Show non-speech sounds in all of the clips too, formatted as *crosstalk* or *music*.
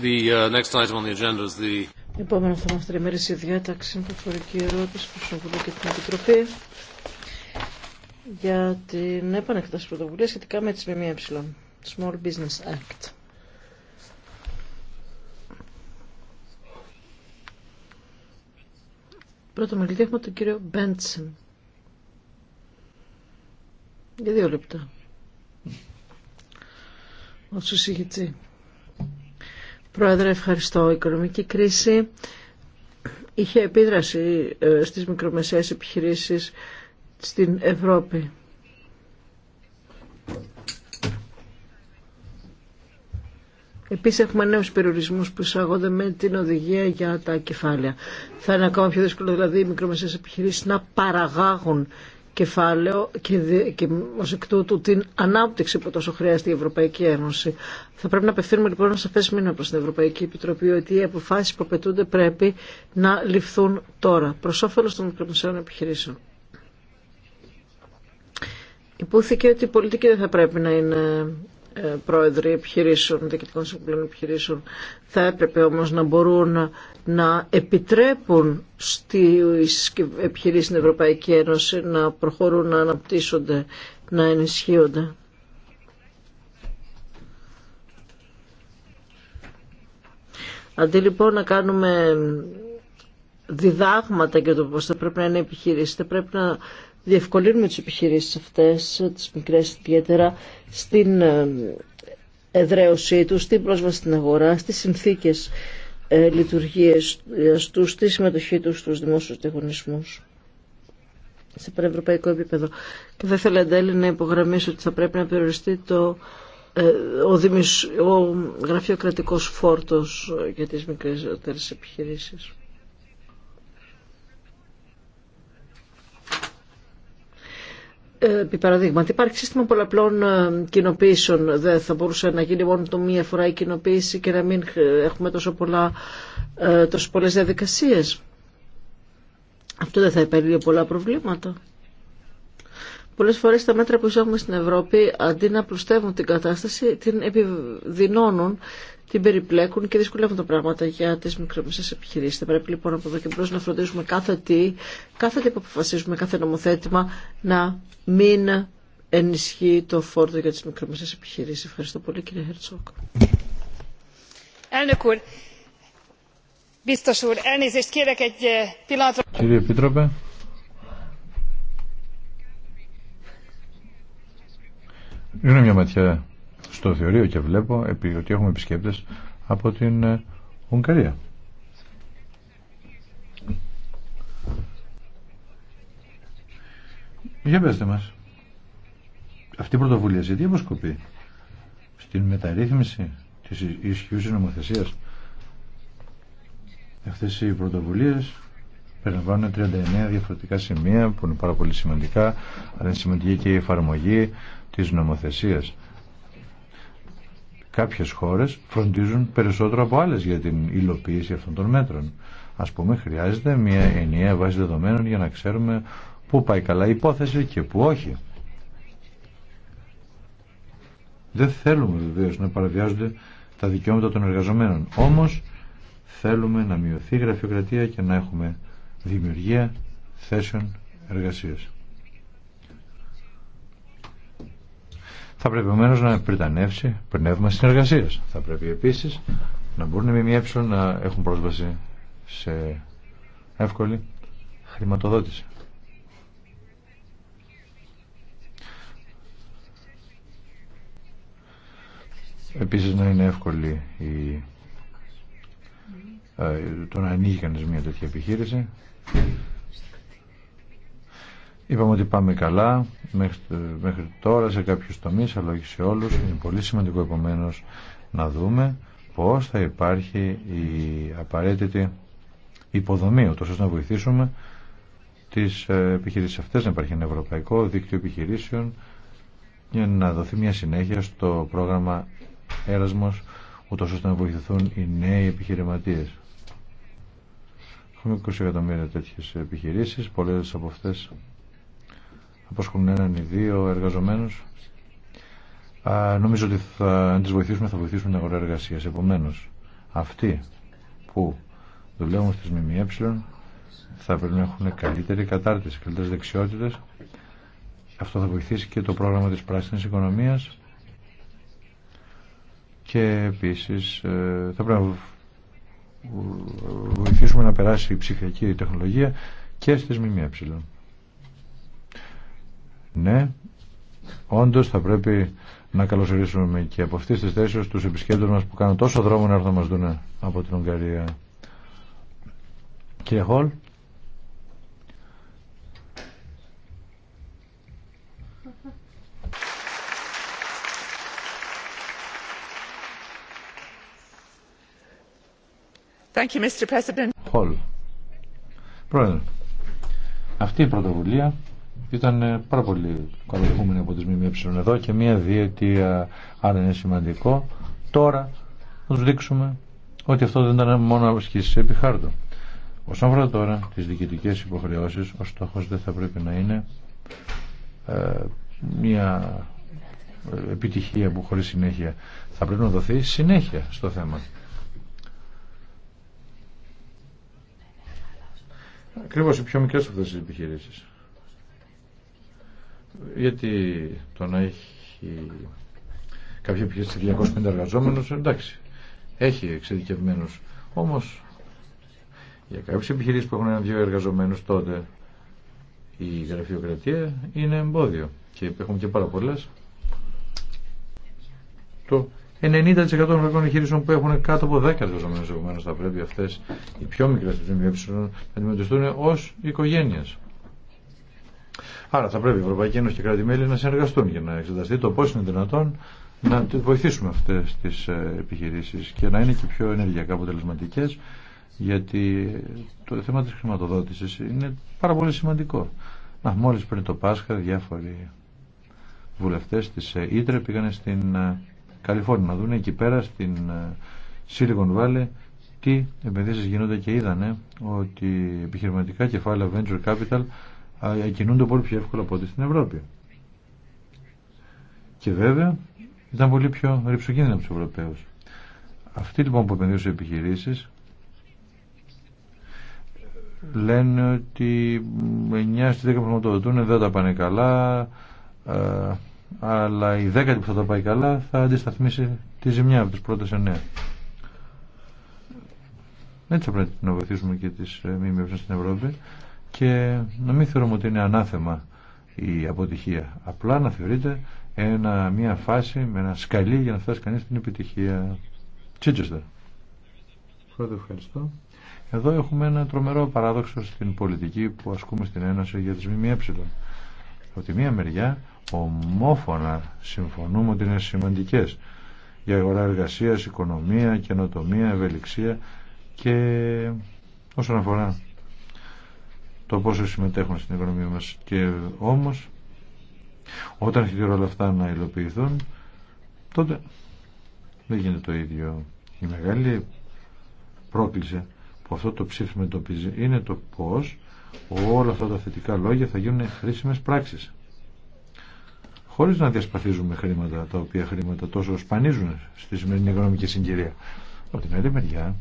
The uh, next item on the agenda is the... Επόμενο θέμα στην ημερήσια διάταξη είναι προφορική ερώτηση προ τον Βουλή και την Επιτροπή για την επανεκτάση πρωτοβουλία σχετικά με τις ΜΜΕ, Small Business Act. Πρώτο μελίδι έχουμε τον κύριο Μπέντσεν. Για δύο λεπτά. Ως εισηγητή. Πρόεδρε, ευχαριστώ. Η οικονομική κρίση είχε επίδραση ε, στις μικρομεσαίες επιχειρήσεις στην Ευρώπη. Επίσης έχουμε νέους περιορισμούς που εισάγονται με την οδηγία για τα κεφάλαια. Θα είναι ακόμα πιο δύσκολο δηλαδή οι μικρομεσαίες επιχειρήσεις να παραγάγουν κεφάλαιο και, και ω εκ τούτου την ανάπτυξη που τόσο χρειάζεται η Ευρωπαϊκή Ένωση. Θα πρέπει να απευθύνουμε λοιπόν ένα σαφέ μήνυμα προ την Ευρωπαϊκή Επιτροπή ότι οι αποφάσει που απαιτούνται πρέπει να ληφθούν τώρα προ όφελο των μικρομεσαίων επιχειρήσεων. Υπόθηκε ότι η πολιτική δεν θα πρέπει να είναι ε, πρόεδροι επιχειρήσεων, διοικητικών συμβουλών επιχειρήσεων. Θα έπρεπε όμως να μπορούν να επιτρέπουν στις επιχειρήσεις στην Ευρωπαϊκή Ένωση να προχωρούν, να αναπτύσσονται, να ενισχύονται. Αντί λοιπόν να κάνουμε διδάγματα για το πώς θα πρέπει να είναι θα πρέπει να διευκολύνουμε τις επιχειρήσεις αυτές, τις μικρές ιδιαίτερα, στην ε, εδραίωσή τους, στην πρόσβαση στην αγορά, στις συνθήκες ε, λειτουργίες ε, τους, στη συμμετοχή τους στους δημόσιους διαγωνισμούς σε πανευρωπαϊκό επίπεδο. Και θα ήθελα εν να υπογραμμίσω ότι θα πρέπει να περιοριστεί το, ε, ο, δημισ... ο γραφειοκρατικός φόρτος για τις μικρές επιχειρήσεις. Επί παραδείγματι, υπάρχει σύστημα πολλαπλών ε, κοινοποίησεων. Δεν θα μπορούσε να γίνει μόνο το μία φορά η κοινοποίηση και να μην ε, έχουμε τόσο, πολλά, ε, τόσο πολλές διαδικασίες. Αυτό δεν θα επέλυε πολλά προβλήματα. Πολλές φορές τα μέτρα που εισάγουμε στην Ευρώπη, αντί να πλουστεύουν την κατάσταση, την επιδεινώνουν την περιπλέκουν και δυσκολεύουν τα πράγματα για τις μικρομεσαίες επιχειρήσεις. Θα πρέπει λοιπόν από εδώ και μπρο να φροντίζουμε κάθε τι, κάθε τι που αποφασίζουμε, κάθε νομοθέτημα να μην ενισχύει το φόρτο για τις μικρομεσαίες επιχειρήσεις. Ευχαριστώ πολύ κύριε Χερτσόκ. Eh, κύριε Επίτροπε, ρίχνω μια ματιά στο θεωρείο και βλέπω επί, ότι έχουμε επισκέπτες από την ε, Ουγγαρία. Για πέστε μας. Αυτή η πρωτοβουλία σε τι αποσκοπεί. Στην μεταρρύθμιση της ισχυούς νομοθεσίας. Αυτές οι πρωτοβουλίες περιλαμβάνουν 39 διαφορετικά σημεία που είναι πάρα πολύ σημαντικά, αλλά είναι σημαντική και η εφαρμογή της νομοθεσίας. Κάποιες χώρες φροντίζουν περισσότερο από άλλες για την υλοποίηση αυτών των μέτρων. Ας πούμε χρειάζεται μια ενιαία βάση δεδομένων για να ξέρουμε πού πάει καλά η υπόθεση και πού όχι. Δεν θέλουμε βεβαίω να παραβιάζονται τα δικαιώματα των εργαζομένων. Όμως θέλουμε να μειωθεί η γραφειοκρατία και να έχουμε δημιουργία θέσεων εργασίας. Θα πρέπει επομένω να πριτανεύσει πνεύμα συνεργασία. Θα πρέπει επίση να μπορούν οι ΜΜΕ να έχουν πρόσβαση σε εύκολη χρηματοδότηση. Επίσης να είναι εύκολη η, ε, το να ανοίγει κανείς μια τέτοια επιχείρηση Είπαμε ότι πάμε καλά μέχρι, μέχρι τώρα σε κάποιους τομείς αλλά όχι σε όλους. Είναι πολύ σημαντικό επομένως να δούμε πώς θα υπάρχει η απαραίτητη υποδομή ούτως ώστε να βοηθήσουμε τις ε, επιχειρήσεις αυτές να υπάρχει ένα ευρωπαϊκό δίκτυο επιχειρήσεων για να δοθεί μια συνέχεια στο πρόγραμμα Έρασμο ούτω ώστε να βοηθηθούν οι νέοι επιχειρηματίες. Έχουμε 20 εκατομμύρια τέτοιες επιχειρήσεις, πολλές από αυτές απασχολούν έναν ή δύο εργαζομένους. νομίζω ότι θα, αν τι βοηθήσουμε θα βοηθήσουμε την αγορά εργασίας. Επομένως, αυτοί που δουλεύουν στις ΜΜΕ θα πρέπει να έχουν καλύτερη κατάρτιση, καλύτερες δεξιότητες. Αυτό θα βοηθήσει και το πρόγραμμα της πράσινης οικονομίας και επίσης ε, θα πρέπει να ε, βοηθήσουμε να περάσει η ψηφιακή τεχνολογία και στις ΜΜΕ. Ναι, όντω θα πρέπει να καλωσορίσουμε και από αυτή τη θέση του επισκέπτε μα που κάνουν τόσο δρόμο να έρθουν να μας δουν από την Ουγγαρία. Κύριε Χολ. Thank Πρόεδρε, αυτή η πρωτοβουλία ήταν ε, πάρα πολύ καλοδεχούμενοι από τις ΜΜΕ εδώ και μία διετία, άρα είναι σημαντικό. Τώρα θα τους δείξουμε ότι αυτό δεν ήταν μόνο ασκήσεις επί χάρτο. Όσον αφορά τώρα τις διοικητικές υποχρεώσεις, ο στόχος δεν θα πρέπει να είναι ε, μια ε, επιτυχία που χωρίς συνέχεια θα πρέπει να δοθεί συνέχεια στο θέμα. Ακριβώς οι πιο μικρές αυτές τις επιχειρήσεις. Γιατί το να έχει κάποια επιχείρηση 250 εργαζόμενους, εντάξει, έχει εξειδικευμένους. Όμως, για κάποιες επιχειρήσεις που έχουν ένα-δύο εργαζομένους τότε, η γραφειοκρατία είναι εμπόδιο και έχουμε και πάρα πολλέ. Το 90% των ευρωπαϊκών επιχειρήσεων που έχουν κάτω από 10 εργαζομένου επομένω θα πρέπει αυτέ οι πιο μικρέ επιχειρήσει να αντιμετωπιστούν ω οικογένειε. Άρα θα πρέπει η Ευρωπαϊκή Ένωση και οι κράτη-μέλη να συνεργαστούν για να εξεταστεί το πώ είναι δυνατόν να βοηθήσουμε αυτέ τι ε, επιχειρήσει και να είναι και πιο ενεργειακά αποτελεσματικέ, γιατί το θέμα τη χρηματοδότηση είναι πάρα πολύ σημαντικό. Να, μόλι πριν το Πάσχα, διάφοροι βουλευτέ τη ε, Ήτρε πήγαν στην ε, Καλιφόρνια να δουν εκεί πέρα στην Silicon Valley τι επενδύσεις γίνονται και είδανε ότι επιχειρηματικά κεφάλαια venture capital κινούνται πολύ πιο εύκολα από ό,τι στην Ευρώπη. Και βέβαια ήταν πολύ πιο ρηψοκίνδυνοι από του Ευρωπαίου. Αυτοί λοιπόν που επενδύουν σε επιχειρήσει λένε ότι 9 στι 10 που δεν τα πάνε καλά, αλλά η δέκατη που θα τα πάει καλά θα αντισταθμίσει τη ζημιά από τι πρώτε 9. Έτσι θα πρέπει να βοηθήσουμε και τις ε, μείωσες στην Ευρώπη και να μην θεωρούμε ότι είναι ανάθεμα η αποτυχία. Απλά να θεωρείται ένα, μια φάση με ένα σκαλί για να φτάσει κανείς στην επιτυχία. Τσίτσεστερ. Πρώτα ευχαριστώ. Εδώ έχουμε ένα τρομερό παράδοξο στην πολιτική που ασκούμε στην Ένωση για τις ΜΜΕ. Ότι μία μεριά ομόφωνα συμφωνούμε ότι είναι σημαντικές για αγορά εργασίας, οικονομία, καινοτομία, ευελιξία και όσον αφορά το πόσο συμμετέχουν στην οικονομία μας. Και όμως, όταν έχει όλα αυτά να υλοποιηθούν, τότε δεν γίνεται το ίδιο. Η μεγάλη πρόκληση που αυτό το ψήφισμα εντοπίζει είναι το πώς όλα αυτά τα θετικά λόγια θα γίνουν χρήσιμες πράξεις. Χωρίς να διασπαθίζουμε χρήματα, τα οποία χρήματα τόσο σπανίζουν στη σημερινή οικονομική συγκυρία. Από την άλλη μεριά,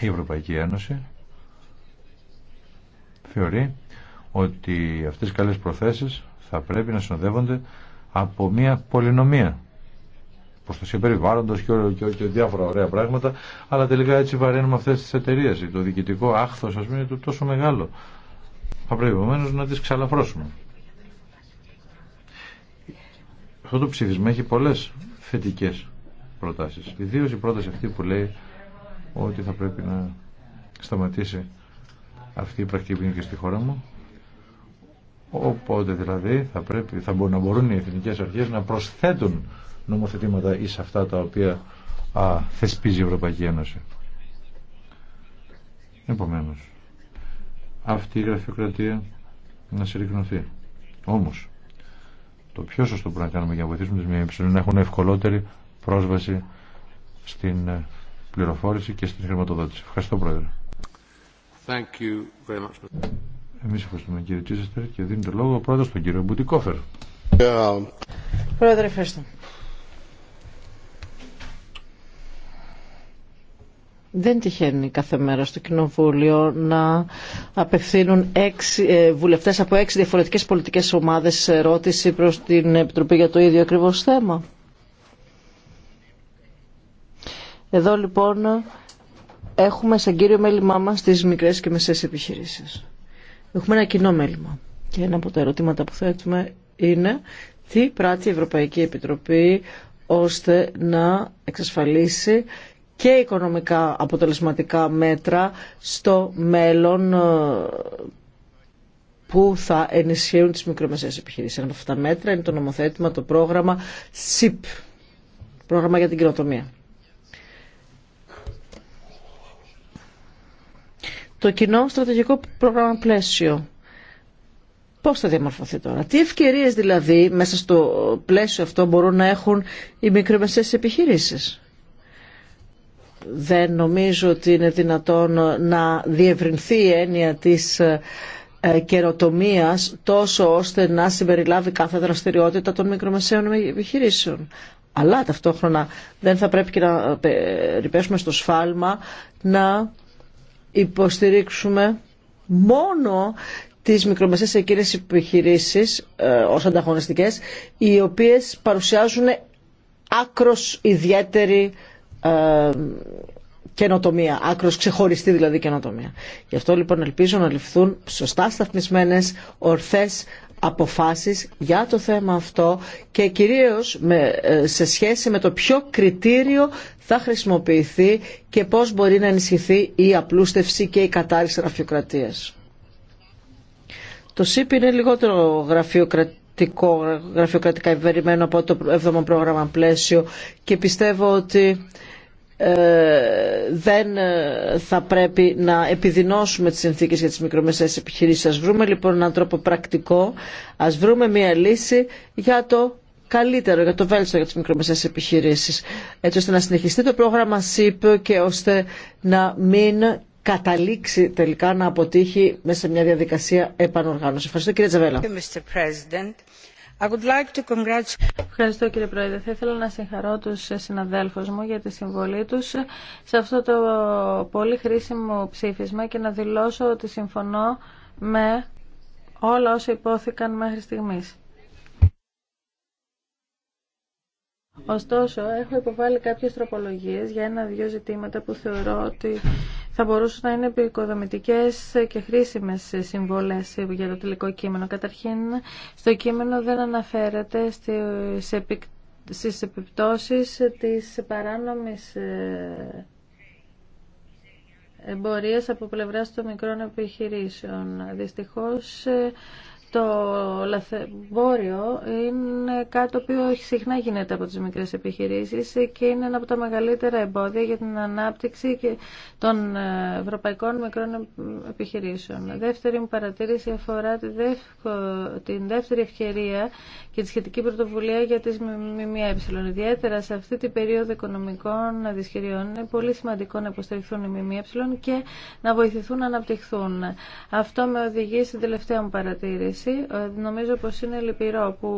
η Ευρωπαϊκή Ένωση θεωρεί ότι αυτές οι καλές προθέσεις θα πρέπει να συνοδεύονται από μια πολυνομία προστασία περιβάλλοντο και, και, και, διάφορα ωραία πράγματα. Αλλά τελικά έτσι βαραίνουμε αυτέ τι εταιρείε. Το διοικητικό άχθο, α πούμε, είναι τόσο μεγάλο. Θα πρέπει επομένω να τι ξαλαφρώσουμε. Αυτό το ψήφισμα έχει πολλέ θετικέ προτάσει. Ιδίω η πρόταση αυτή που λέει ότι θα πρέπει να σταματήσει αυτή η πρακτική είναι και στη χώρα μου. Οπότε δηλαδή θα, πρέπει, θα μπορούν, να μπορούν οι εθνικές αρχές να προσθέτουν νομοθετήματα ή σε αυτά τα οποία α, θεσπίζει η Ευρωπαϊκή Ένωση. οποια αυτή η γραφειοκρατία να συρρυκνωθεί. Όμως, το πιο σωστό που να κάνουμε για να βοηθήσουμε τις είναι να έχουν ευκολότερη πρόσβαση στην ε, πληροφόρηση και στην χρηματοδότηση. Ευχαριστώ Πρόεδρε. Thank you very much. Εμείς ευχαριστούμε κύριε Τσίσεστερ και δίνω το λόγο πρώτα στον κύριο Μπουτικόφερ. Yeah. Πρόεδρε, ευχαριστώ. Δεν τυχαίνει κάθε μέρα στο Κοινοβούλιο να απευθύνουν έξι, ε, βουλευτές από έξι διαφορετικές πολιτικές ομάδες ερώτηση προς την Επιτροπή για το ίδιο ακριβώς θέμα. Εδώ λοιπόν έχουμε σαν κύριο μέλημά μα τι μικρές και μεσέ επιχειρήσεις. Έχουμε ένα κοινό μέλημα. Και ένα από τα ερωτήματα που θέτουμε είναι τι πράττει η Ευρωπαϊκή Επιτροπή ώστε να εξασφαλίσει και οικονομικά αποτελεσματικά μέτρα στο μέλλον ε, που θα ενισχύουν τις μικρομεσαίες επιχειρήσεις. Ένα από αυτά τα μέτρα είναι το νομοθέτημα, το πρόγραμμα SIP, πρόγραμμα για την κοινοτομία. το κοινό στρατηγικό πρόγραμμα πλαίσιο. Πώς θα διαμορφωθεί τώρα, τι ευκαιρίες δηλαδή μέσα στο πλαίσιο αυτό μπορούν να έχουν οι μικρομεσαίες επιχειρήσεις. Δεν νομίζω ότι είναι δυνατόν να διευρυνθεί η έννοια της ε, καιροτομία τόσο ώστε να συμπεριλάβει κάθε δραστηριότητα των μικρομεσαίων επιχειρήσεων. Αλλά ταυτόχρονα δεν θα πρέπει και να ε, ρηπέσουμε στο σφάλμα να υποστηρίξουμε μόνο τις μικρομεσαίες εκείνες επιχειρήσεις ε, ως ανταγωνιστικές οι οποίες παρουσιάζουν άκρος ιδιαίτερη ε, καινοτομία, άκρος ξεχωριστή δηλαδή καινοτομία. Γι' αυτό λοιπόν ελπίζω να ληφθούν σωστά σταθμισμένες, ορθές αποφάσεις για το θέμα αυτό και κυρίως με, ε, σε σχέση με το ποιο κριτήριο θα χρησιμοποιηθεί και πώς μπορεί να ενισχυθεί η απλούστευση και η κατάρριξη γραφειοκρατίας. Το ΣΥΠ είναι λιγότερο γραφειοκρατικό γραφειοκρατικά ευερημένο από το 7ο πρόγραμμα πλαίσιο και πιστεύω ότι ε, δεν ε, θα πρέπει να επιδεινώσουμε τις συνθήκες για τις μικρομεσαίες επιχειρήσεις. Ας βρούμε λοιπόν έναν τρόπο πρακτικό, ας βρούμε μια λύση για το καλύτερο, για το βέλτιστο για τις μικρομεσαίες επιχειρήσεις, έτσι ώστε να συνεχιστεί το πρόγραμμα ΣΥΠ και ώστε να μην καταλήξει τελικά να αποτύχει μέσα σε μια διαδικασία επανοργάνωση. Ευχαριστώ κύριε Τζαβέλα. Ευχαριστώ κύριε Πρόεδρε. Θα ήθελα να συγχαρώ τους συναδέλφους μου για τη συμβολή τους σε αυτό το πολύ χρήσιμο ψήφισμα και να δηλώσω ότι συμφωνώ με όλα όσα υπόθηκαν μέχρι στιγμής. Ωστόσο, έχω υποβάλει κάποιες τροπολογίες για ένα-δυο ζητήματα που θεωρώ ότι θα μπορούσαν να είναι επικοδομητικές και χρήσιμες συμβολές για το τελικό κείμενο. Καταρχήν, στο κείμενο δεν αναφέρεται στις, επιπτώσει τη επιπτώσεις της παράνομης ε, εμπορίας από πλευράς των μικρών επιχειρήσεων. Δυστυχώς το λαθεμπόριο είναι κάτι το οποίο συχνά γίνεται από τις μικρές επιχειρήσεις και είναι ένα από τα μεγαλύτερα εμπόδια για την ανάπτυξη και των ευρωπαϊκών μικρών επιχειρήσεων. Δεύτερη μου παρατήρηση αφορά τη την δεύτερη ευκαιρία και τη σχετική πρωτοβουλία για τις ΜΜΕ. Ιδιαίτερα σε αυτή την περίοδο οικονομικών δυσχεριών είναι πολύ σημαντικό να υποστηριχθούν οι ΜΜΕ και να βοηθηθούν να αναπτυχθούν. Αυτό με οδηγεί στην τελευταία μου παρατήρηση ε, νομίζω πως είναι λυπηρό που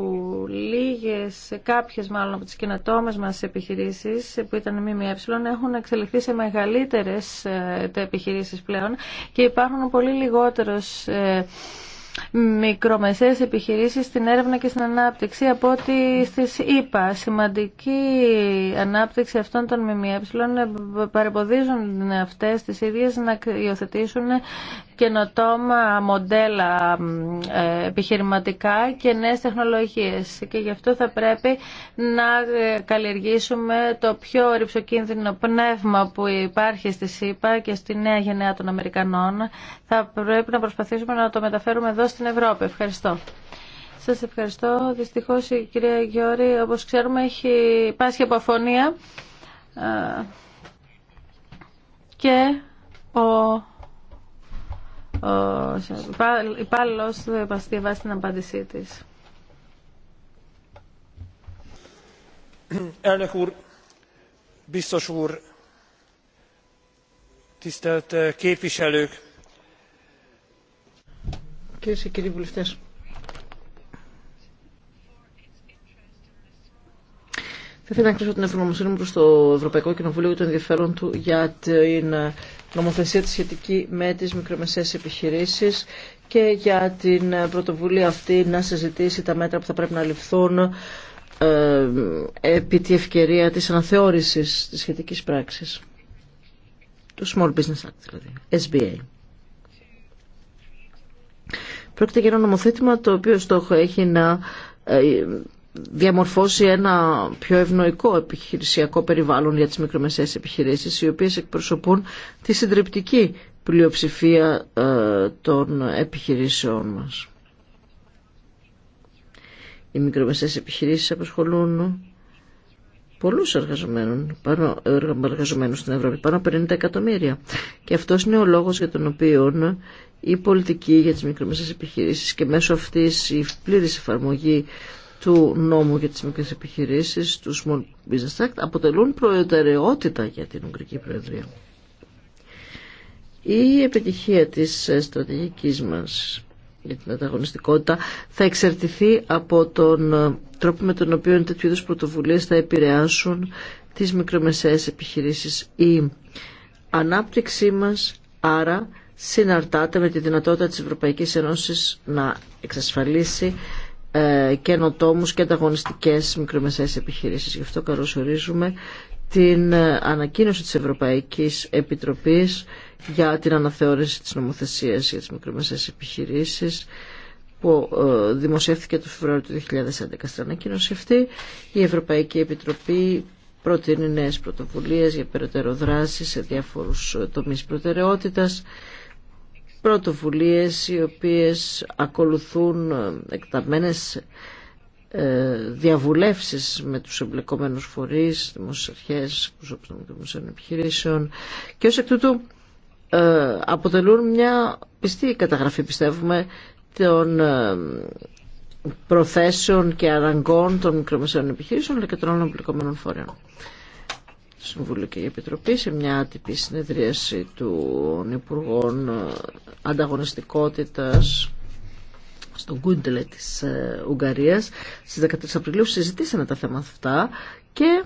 λίγες, κάποιες μάλλον από τις κοινοτόμες μας επιχειρήσεις που ήταν ΜΜΕ έχουν εξελιχθεί σε μεγαλύτερες ε, επιχειρήσεις πλέον και υπάρχουν πολύ λιγότερος ε, μικρομεσαίες επιχειρήσεις στην έρευνα και στην ανάπτυξη από ό,τι στις ΕΠΑ. Σημαντική ανάπτυξη αυτών των ΜΜΕ παρεμποδίζουν αυτές τις ίδιες να υιοθετήσουν καινοτόμα μοντέλα ε, επιχειρηματικά και νέες τεχνολογίες. Και γι' αυτό θα πρέπει να ε, καλλιεργήσουμε το πιο ρηψοκίνδυνο πνεύμα που υπάρχει στη ΣΥΠΑ και στη νέα γενιά των Αμερικανών. Θα πρέπει να προσπαθήσουμε να το μεταφέρουμε εδώ εδώ στην Ευρώπη. Ευχαριστώ. Σας ευχαριστώ. Δυστυχώς η κυρία Γιώρη, όπως ξέρουμε, έχει πάσχει από αφωνία και ο, ο υπάλληλος δεν επαστήβασε την απάντησή της. Elnök úr, biztos úr, tisztelt eh, képviselők! Κυρίε και κύριοι βουλευτέ. Θα ήθελα να κλείσω την ευγνωμοσύνη μου προ το Ευρωπαϊκό Κοινοβούλιο για το ενδιαφέρον του για την νομοθεσία τη σχετική με τι μικρομεσαίε επιχειρήσει και για την πρωτοβουλία αυτή να συζητήσει τα μέτρα που θα πρέπει να ληφθούν ε, επί τη ευκαιρία της αναθεώρησης της σχετικής πράξης του Small Business Act δηλαδή, SBA. Πρόκειται για ένα νομοθέτημα το οποίο στόχο έχει να ε, διαμορφώσει ένα πιο ευνοϊκό επιχειρησιακό περιβάλλον για τις μικρομεσαίες επιχειρήσεις οι οποίες εκπροσωπούν τη συντριπτική πλειοψηφία ε, των επιχειρήσεών μας. Οι μικρομεσαίες επιχειρήσεις απασχολούν πολλούς εργαζομένους, εργαζομένους στην Ευρώπη, πάνω από 50 εκατομμύρια. Και αυτός είναι ο λόγος για τον οποίο η πολιτική για τις μικρομεσαίες επιχειρήσεις και μέσω αυτής η πλήρης εφαρμογή του νόμου για τις μικρές επιχειρήσεις, του Small Business Act, αποτελούν προτεραιότητα για την Ουγγρική Προεδρία. Η επιτυχία της στρατηγικής μας για την ανταγωνιστικότητα θα εξαρτηθεί από τον τρόπο με τον οποίο τέτοιου είδους πρωτοβουλίες θα επηρεάσουν τις μικρομεσαίες επιχειρήσεις. Η ανάπτυξή μας άρα συναρτάται με τη δυνατότητα της Ευρωπαϊκής Ένωσης να εξασφαλίσει ε, καινοτόμου και ανταγωνιστικέ μικρομεσαίες επιχειρήσεις. Γι' αυτό καλωσορίζουμε την ε, ανακοίνωση της Ευρωπαϊκής Επιτροπής για την αναθεώρηση της νομοθεσίας για τις μικρομεσαίες επιχειρήσεις που ε, δημοσιεύθηκε το Φεβρουάριο του 2011. Στην ανακοίνωση αυτή η Ευρωπαϊκή Επιτροπή προτείνει νέες πρωτοβουλίες για περαιτέρω δράση σε διάφορους ε, τομείς προτεραιότητας πρωτοβουλίες οι οποίες ακολουθούν ε, εκταμένες ε, διαβουλεύσεις με τους εμπλεκόμενους φορείς, δημόσιες αρχές, των δημοσίων επιχειρήσεων και ως εκ τούτου ε, αποτελούν μια πιστή καταγραφή πιστεύουμε των προθέσεων και αναγκών των μικρομεσαίων επιχειρήσεων αλλά και των άλλων εμπλεκόμενων φορέων. Συμβουλική και η Επιτροπή σε μια άτυπη συνεδρίαση των Υπουργών Ανταγωνιστικότητας στον Κούντελε της ε, Ουγγαρίας στις 13 Απριλίου συζητήσανε τα θέματα αυτά και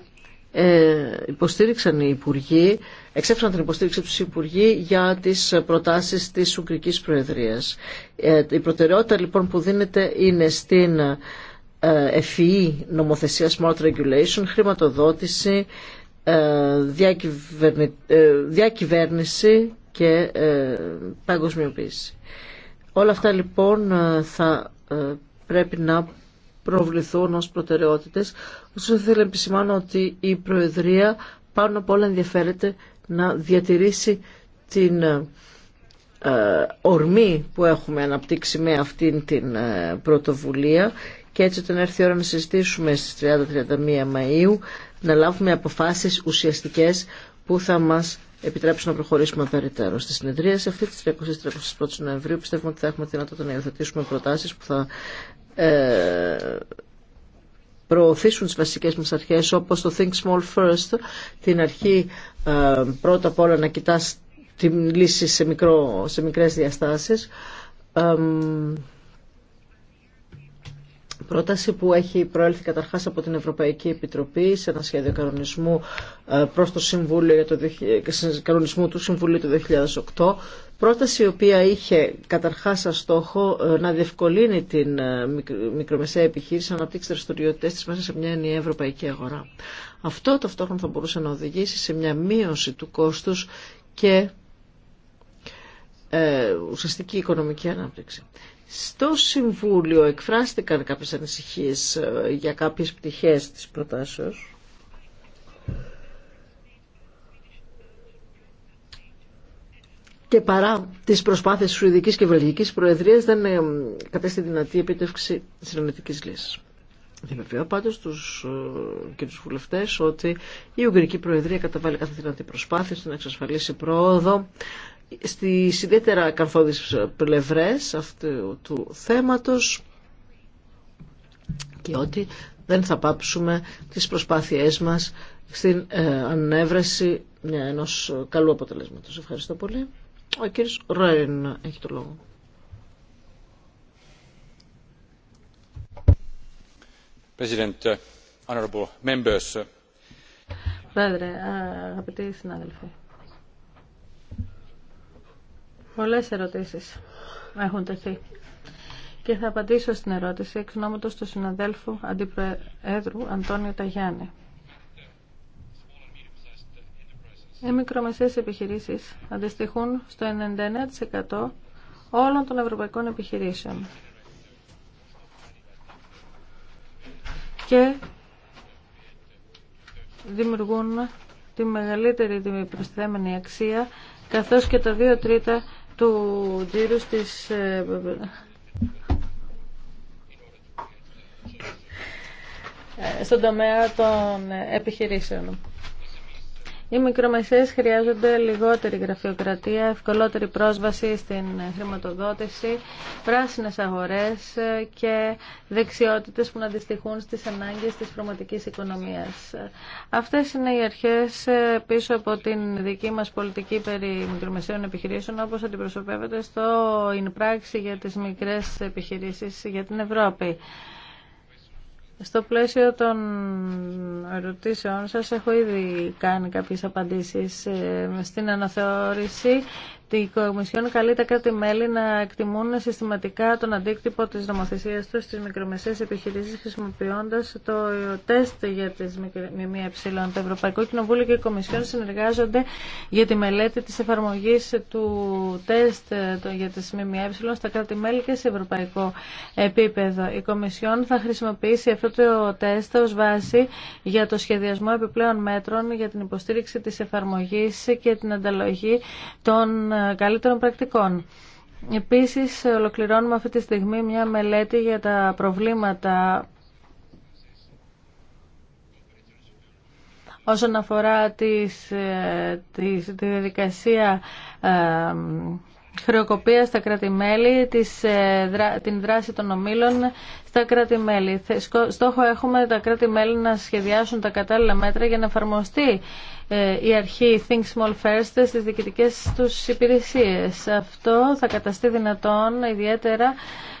ε, υποστήριξαν οι Υπουργοί, εξέφραν την υποστήριξη του Υπουργοί για τις προτάσεις της Ουγγρικής Προεδρίας. Ε, η προτεραιότητα λοιπόν που δίνεται είναι στην ΕΦΗ e e νομοθεσία Smart Regulation, χρηματοδότηση, ε, ε, διακυβέρνηση και ε, παγκοσμιοποίηση. Όλα αυτά λοιπόν θα πρέπει να προβληθούν ως προτεραιότητες. Ωστόσο θέλω να επισημάνω ότι η Προεδρία πάνω απ' όλα ενδιαφέρεται να διατηρήσει την ορμή που έχουμε αναπτύξει με αυτήν την πρωτοβουλία και έτσι όταν έρθει η ώρα να συζητήσουμε στις 30-31 Μαΐου να λάβουμε αποφάσεις ουσιαστικές που θα μας επιτρέψουν να προχωρήσουμε περαιτέρω. Στη συνεδρία σε αυτή τη 30-31 Νοεμβρίου πιστεύουμε ότι θα έχουμε δυνατότητα να υιοθετήσουμε προτάσεις που θα ε, προωθήσουν τις βασικές μας αρχές όπως το Think Small First, την αρχή ε, πρώτα απ' όλα να κοιτάς τη λύση σε, μικρό, σε μικρές διαστάσεις. Ε, πρόταση που έχει προέλθει καταρχάς από την Ευρωπαϊκή Επιτροπή σε ένα σχέδιο κανονισμού, ε, προς το Συμβούλιο, το, ε, κανονισμού του Συμβουλίου του 2008 Πρόταση η οποία είχε καταρχάς σαν στόχο ε, να διευκολύνει την μικρομεσαία επιχείρηση να αναπτύξει δραστηριότητε της μέσα σε μια ενιαία ευρωπαϊκή αγορά. Αυτό ταυτόχρονα θα μπορούσε να οδηγήσει σε μια μείωση του κόστους και ουσιαστική οικονομική ανάπτυξη. Στο Συμβούλιο εκφράστηκαν κάποιες ανησυχίες ε, για κάποιες πτυχές της προτάσεως. Και παρά τις προσπάθειες της Σουηδικής και Βελγικής Προεδρίας δεν ε, κατέστη δυνατή επίτευξη συνενετικής λύσης. Διαβεβαιώ πάντως τους ε, και τους βουλευτές ότι η Ουγγρική Προεδρία καταβάλει κάθε δυνατή προσπάθεια στο να εξασφαλίσει πρόοδο Στη ιδιαίτερα καρφώδεις πλευρές αυτού του θέματος και ότι δεν θα πάψουμε τις προσπάθειές μας στην ε, ανέβρεση μια ενός καλού αποτελέσματος. Ευχαριστώ πολύ. Ο κύριος Ρέιν έχει το λόγο. President, uh, honorable members. Uh, Πρόεδρε, αγαπητοί συνάδελφοι. Πολλές ερωτήσεις έχουν τεθεί. Και θα απαντήσω στην ερώτηση εξ νόμου του συναδέλφου Αντιπροέδρου Αντώνιο Ταγιάννη. Οι μικρομεσαίες επιχειρήσεις αντιστοιχούν στο 99% όλων των ευρωπαϊκών επιχειρήσεων. Και δημιουργούν τη μεγαλύτερη προσθέμενη αξία καθώς και τα δύο τρίτα του τζίρου τη. Ε, ε, στον τομέα των επιχειρήσεων. Οι μικρομεσαίες χρειάζονται λιγότερη γραφειοκρατία, ευκολότερη πρόσβαση στην χρηματοδότηση, πράσινες αγορές και δεξιότητες που να αντιστοιχούν στις ανάγκες της πραγματικής οικονομίας. Αυτές είναι οι αρχές πίσω από την δική μας πολιτική περί μικρομεσαίων επιχειρήσεων, όπως αντιπροσωπεύεται στο πράξη για τις μικρές επιχειρήσεις για την Ευρώπη». Στο πλαίσιο των ερωτήσεών σας έχω ήδη κάνει κάποιες απαντήσεις ε, στην αναθεώρηση η Κομισιόν καλεί τα κράτη-μέλη να εκτιμούν συστηματικά τον αντίκτυπο τη νομοθεσία του στι μικρομεσαίες επιχειρήσει χρησιμοποιώντα το τεστ για τις ΜΜΕ. Το Ευρωπαϊκό Κοινοβούλιο και η Κομισιόν συνεργάζονται για τη μελέτη τη εφαρμογή του τεστ για τις ΜΜΕ στα κράτη-μέλη και σε ευρωπαϊκό επίπεδο. Η Κομισιόν θα χρησιμοποιήσει αυτό το τεστ ω βάση για το σχεδιασμό επιπλέον μέτρων για την υποστήριξη τη εφαρμογή και την ανταλλαγή των καλύτερων πρακτικών. Επίσης, ολοκληρώνουμε αυτή τη στιγμή μια μελέτη για τα προβλήματα όσον αφορά τις, ε, τη διαδικασία ε, χρεοκοπία στα κράτη-μέλη, ε, την δράση των ομήλων στα κράτη-μέλη. Στόχο έχουμε τα κράτη-μέλη να σχεδιάσουν τα κατάλληλα μέτρα για να εφαρμοστεί ε, η αρχή Think Small First στις διοικητικές τους υπηρεσίες. Αυτό θα καταστεί δυνατόν ιδιαίτερα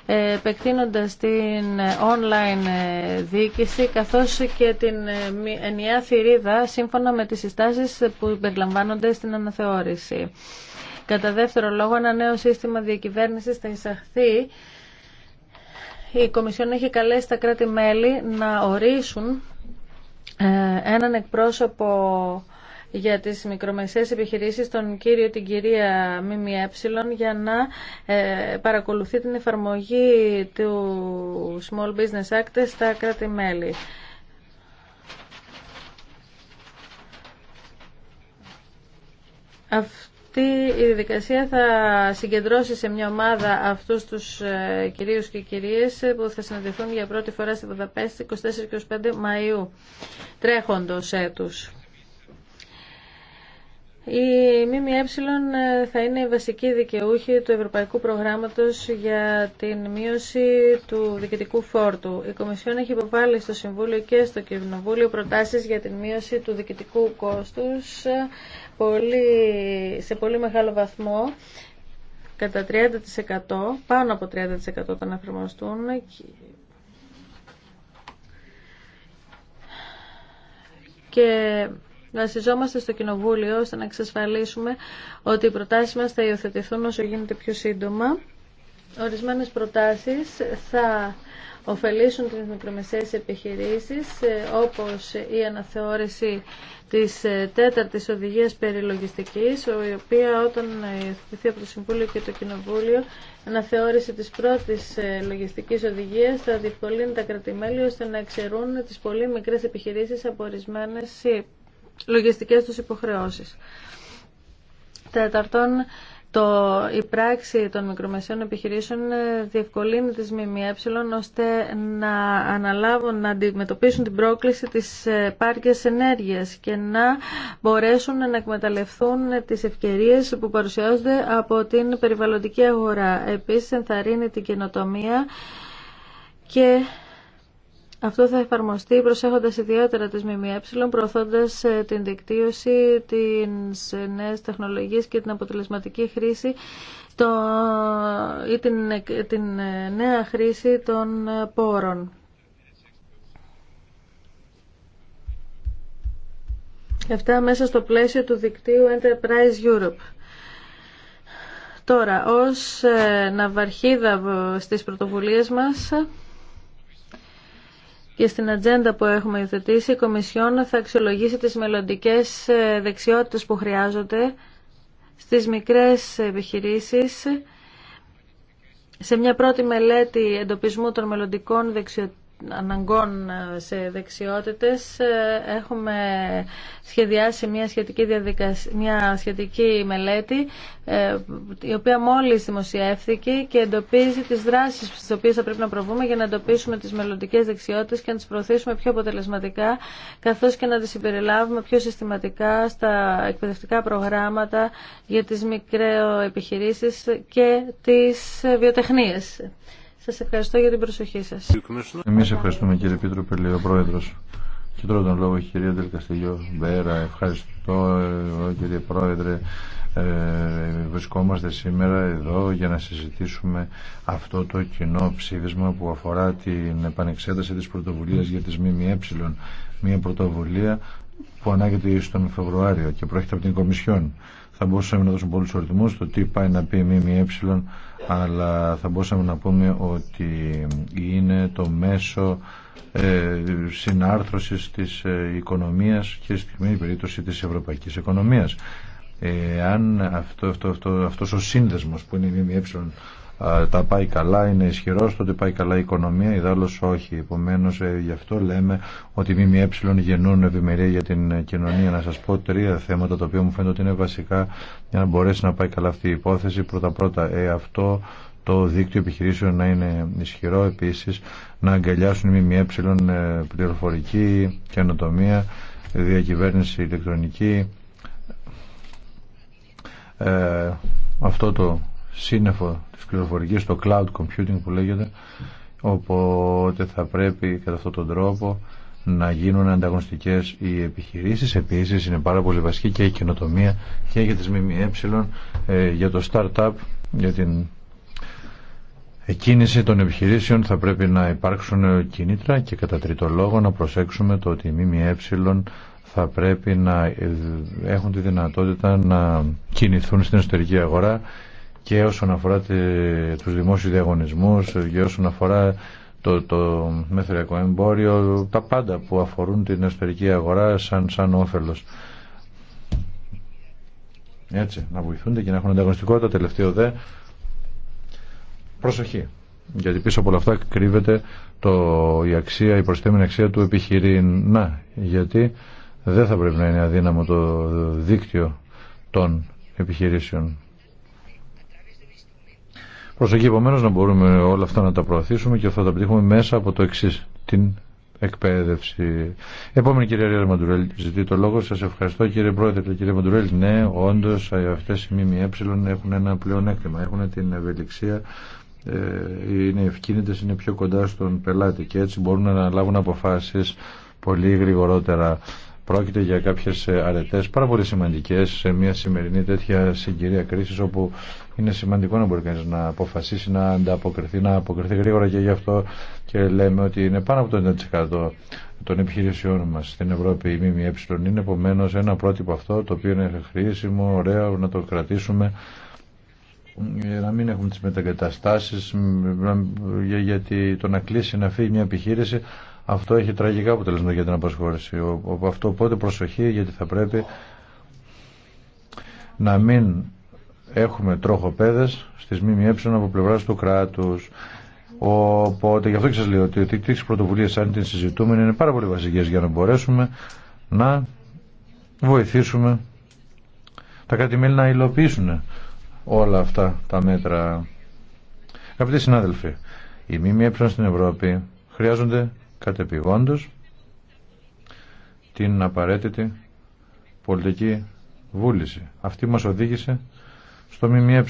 ε, επεκτείνοντας την online διοίκηση καθώς και την ενιαία θηρίδα σύμφωνα με τις συστάσεις που περιλαμβάνονται στην αναθεώρηση. Κατά δεύτερο λόγο, ένα νέο σύστημα διακυβέρνησης θα εισαχθεί. Η Κομισιόν έχει καλέσει τα κράτη-μέλη να ορίσουν ε, έναν εκπρόσωπο για τις μικρομεσαίες επιχειρήσεις τον κύριο την κυρία ΜΜΕ για να ε, παρακολουθεί την εφαρμογή του Small Business Act στα κράτη-μέλη. Αυτό αυτή η διαδικασία θα συγκεντρώσει σε μια ομάδα αυτούς τους ε, κυρίους και κυρίες που θα συναντηθούν για πρώτη φορά στη Βουδαπέστη 24-25 Μαΐου τρέχοντος έτους. Η ΜΜΕ θα είναι η βασική δικαιούχη του Ευρωπαϊκού Προγράμματος για την μείωση του διοικητικού φόρτου. Η Κομισιόν έχει υποβάλει στο Συμβούλιο και στο Κοινοβούλιο προτάσεις για την μείωση του διοικητικού κόστους πολύ, σε πολύ μεγάλο βαθμό κατά 30%, πάνω από 30% όταν εφαρμοστούν και βασιζόμαστε στο Κοινοβούλιο ώστε να εξασφαλίσουμε ότι οι προτάσεις μας θα υιοθετηθούν όσο γίνεται πιο σύντομα. Ορισμένες προτάσεις θα ωφελήσουν τις μικρομεσαίες επιχειρήσεις όπως η αναθεώρηση της ε, τέταρτης οδηγίας λογιστικής, η οποία όταν υιοθετηθεί από το Συμβούλιο και το Κοινοβούλιο, αναθεώρηση τις πρώτη ε, λογιστικές οδηγίες θα διευκολύνει τα κρατημέλη ώστε να εξαιρούν τις πολύ μικρές επιχειρήσεις από ορισμένε λογιστικές τους υποχρεώσεις. Τέταρτον, το, η πράξη των μικρομεσαίων επιχειρήσεων ε, διευκολύνει τις ΜΜΕ ώστε να αναλάβουν, να αντιμετωπίσουν την πρόκληση της πάρκιας ενέργειας και να μπορέσουν να εκμεταλλευτούν τις ευκαιρίες που παρουσιάζονται από την περιβαλλοντική αγορά. Επίσης ενθαρρύνει την καινοτομία και αυτό θα εφαρμοστεί προσέχοντας ιδιαίτερα τις ΜΜΕ, προωθώντας ε, την δικτύωση, τις ε, νέες τεχνολογίες και την αποτελεσματική χρήση ή την, ε, την νέα χρήση των πόρων. Αυτά μέσα στο πλαίσιο του δικτύου Enterprise Europe. Τώρα, ως ναυαρχίδα στις πρωτοβουλίες μας, και στην ατζέντα που έχουμε υιοθετήσει, η Κομισιόν θα αξιολογήσει τις μελλοντικέ ε, δεξιότητες που χρειάζονται στις μικρές επιχειρήσεις σε μια πρώτη μελέτη εντοπισμού των μελλοντικών δεξιοτήτων αναγκών ε, σε δεξιότητες ε, έχουμε σχεδιάσει μια σχετική, διαδικασία, μια σχετική μελέτη ε, η οποία μόλις δημοσιεύθηκε και εντοπίζει τις δράσεις στις οποίες θα πρέπει να προβούμε για να εντοπίσουμε τις μελλοντικές δεξιότητες και να τις προωθήσουμε πιο αποτελεσματικά καθώς και να τις συμπεριλάβουμε πιο συστηματικά στα εκπαιδευτικά προγράμματα για τις μικροεπιχειρήσεις και τις βιοτεχνίες. Σας ευχαριστώ για την προσοχή σας. Εμείς ευχαριστούμε κύριε Πίτρο Πελή, ο Πρόεδρος. Και τώρα τον λόγο η κυρία Τελκαστηγιό Μπέρα. Ευχαριστώ ε, κύριε Πρόεδρε. Ε, βρισκόμαστε σήμερα εδώ για να συζητήσουμε αυτό το κοινό ψήφισμα που αφορά την επανεξέταση της πρωτοβουλίας για τις ΜΜΕ. Μια πρωτοβουλία που ανάγεται στον Φεβρουάριο και προέρχεται από την Κομισιόν. Θα μπορούσαμε να δώσουμε πολλούς ορισμούς το τι πάει να πει ΜΜΕ αλλά θα μπορούσαμε να πούμε ότι είναι το μέσο ε, συνάρθρωσης της ε, οικονομίας και στη περίπτωση της ευρωπαϊκής οικονομίας. Ε, αν αυτό, αυτός ο σύνδεσμος που είναι η ΜΜΕ τα πάει καλά, είναι ισχυρό, τότε πάει καλά η οικονομία, ιδάλω όχι. Επομένω, ε, γι' αυτό λέμε ότι οι ΜΜΕ γεννούν ευημερία για την κοινωνία. Να σα πω τρία θέματα τα οποία μου φαίνεται ότι είναι βασικά για να μπορέσει να πάει καλά αυτή η υπόθεση. Πρώτα-πρώτα, ε, αυτό το δίκτυο επιχειρήσεων να είναι ισχυρό επίση, να αγκαλιάσουν οι ΜΜΕ πληροφορική, καινοτομία, διακυβέρνηση ηλεκτρονική. Ε, αυτό το σύννεφο της πληροφορικής, το cloud computing που λέγεται, οπότε θα πρέπει κατά αυτόν τον τρόπο να γίνουν ανταγωνιστικές οι επιχειρήσεις. Επίσης είναι πάρα πολύ βασική και η καινοτομία και για τις ΜΜΕ, ε, για το startup, για την εκκίνηση των επιχειρήσεων θα πρέπει να υπάρξουν κινήτρα και κατά τρίτο λόγο να προσέξουμε το ότι οι ΜΜΕ θα πρέπει να ε, έχουν τη δυνατότητα να κινηθούν στην εσωτερική αγορά και όσον αφορά τους δημόσιους διαγωνισμούς και όσον αφορά το, το μεθοριακό εμπόριο, τα πάντα που αφορούν την εσωτερική αγορά σαν, σαν όφελος. Έτσι, να βοηθούνται και να έχουν ανταγωνιστικότητα. Τελευταίο δε, προσοχή. Γιατί πίσω από όλα αυτά κρύβεται το, η αξία, η προσθέμενη αξία του επιχειρήν. Να, γιατί δεν θα πρέπει να είναι αδύναμο το δίκτυο των επιχειρήσεων. Προσοχή επομένω να μπορούμε όλα αυτά να τα προωθήσουμε και θα τα πετύχουμε μέσα από το εξή την εκπαίδευση. Επόμενη κυρία Ρία Μαντουρέλη, ζητεί το λόγο. Σας ευχαριστώ κύριε Πρόεδρε, κύριε Μαντουρέλη. Ναι, όντω ε, αυτέ οι ΜΜΕ έχουν ένα πλεονέκτημα, Έχουν την ευελιξία ε, είναι ευκίνητε είναι πιο κοντά στον πελάτη και έτσι μπορούν να λάβουν αποφάσει πολύ γρηγορότερα. Πρόκειται για κάποιες ε, αρετές πάρα πολύ σημαντικέ σε μια σημερινή τέτοια συγκυρία κρίση, όπου είναι σημαντικό να μπορεί κανείς να αποφασίσει, να ανταποκριθεί, να αποκριθεί γρήγορα και γι' αυτό και λέμε ότι είναι πάνω από το 90% των επιχειρήσεών μα στην Ευρώπη η ΜΜΕ. Είναι επομένω ένα πρότυπο αυτό το οποίο είναι χρήσιμο, ωραίο να το κρατήσουμε για ε, να μην έχουμε τις μετακαταστάσεις γιατί το να κλείσει να φύγει μια επιχείρηση αυτό έχει τραγικά αποτελέσματα για την απασχόληση. αυτό οπότε προσοχή γιατί θα πρέπει να μην έχουμε τροχοπέδες στις ΜΜΕ από πλευράς του κράτους. Οπότε γι' αυτό και σας λέω ότι τι πρωτοβουλίες αν την συζητούμε είναι πάρα πολύ βασικές για να μπορέσουμε να βοηθήσουμε τα κράτη-μέλη να υλοποιήσουν όλα αυτά τα μέτρα. Αγαπητοί συνάδελφοι, οι ΜΜΕ στην Ευρώπη χρειάζονται κατεπηγόντως την απαραίτητη πολιτική βούληση. Αυτή μας οδήγησε στο ΜΜΕ.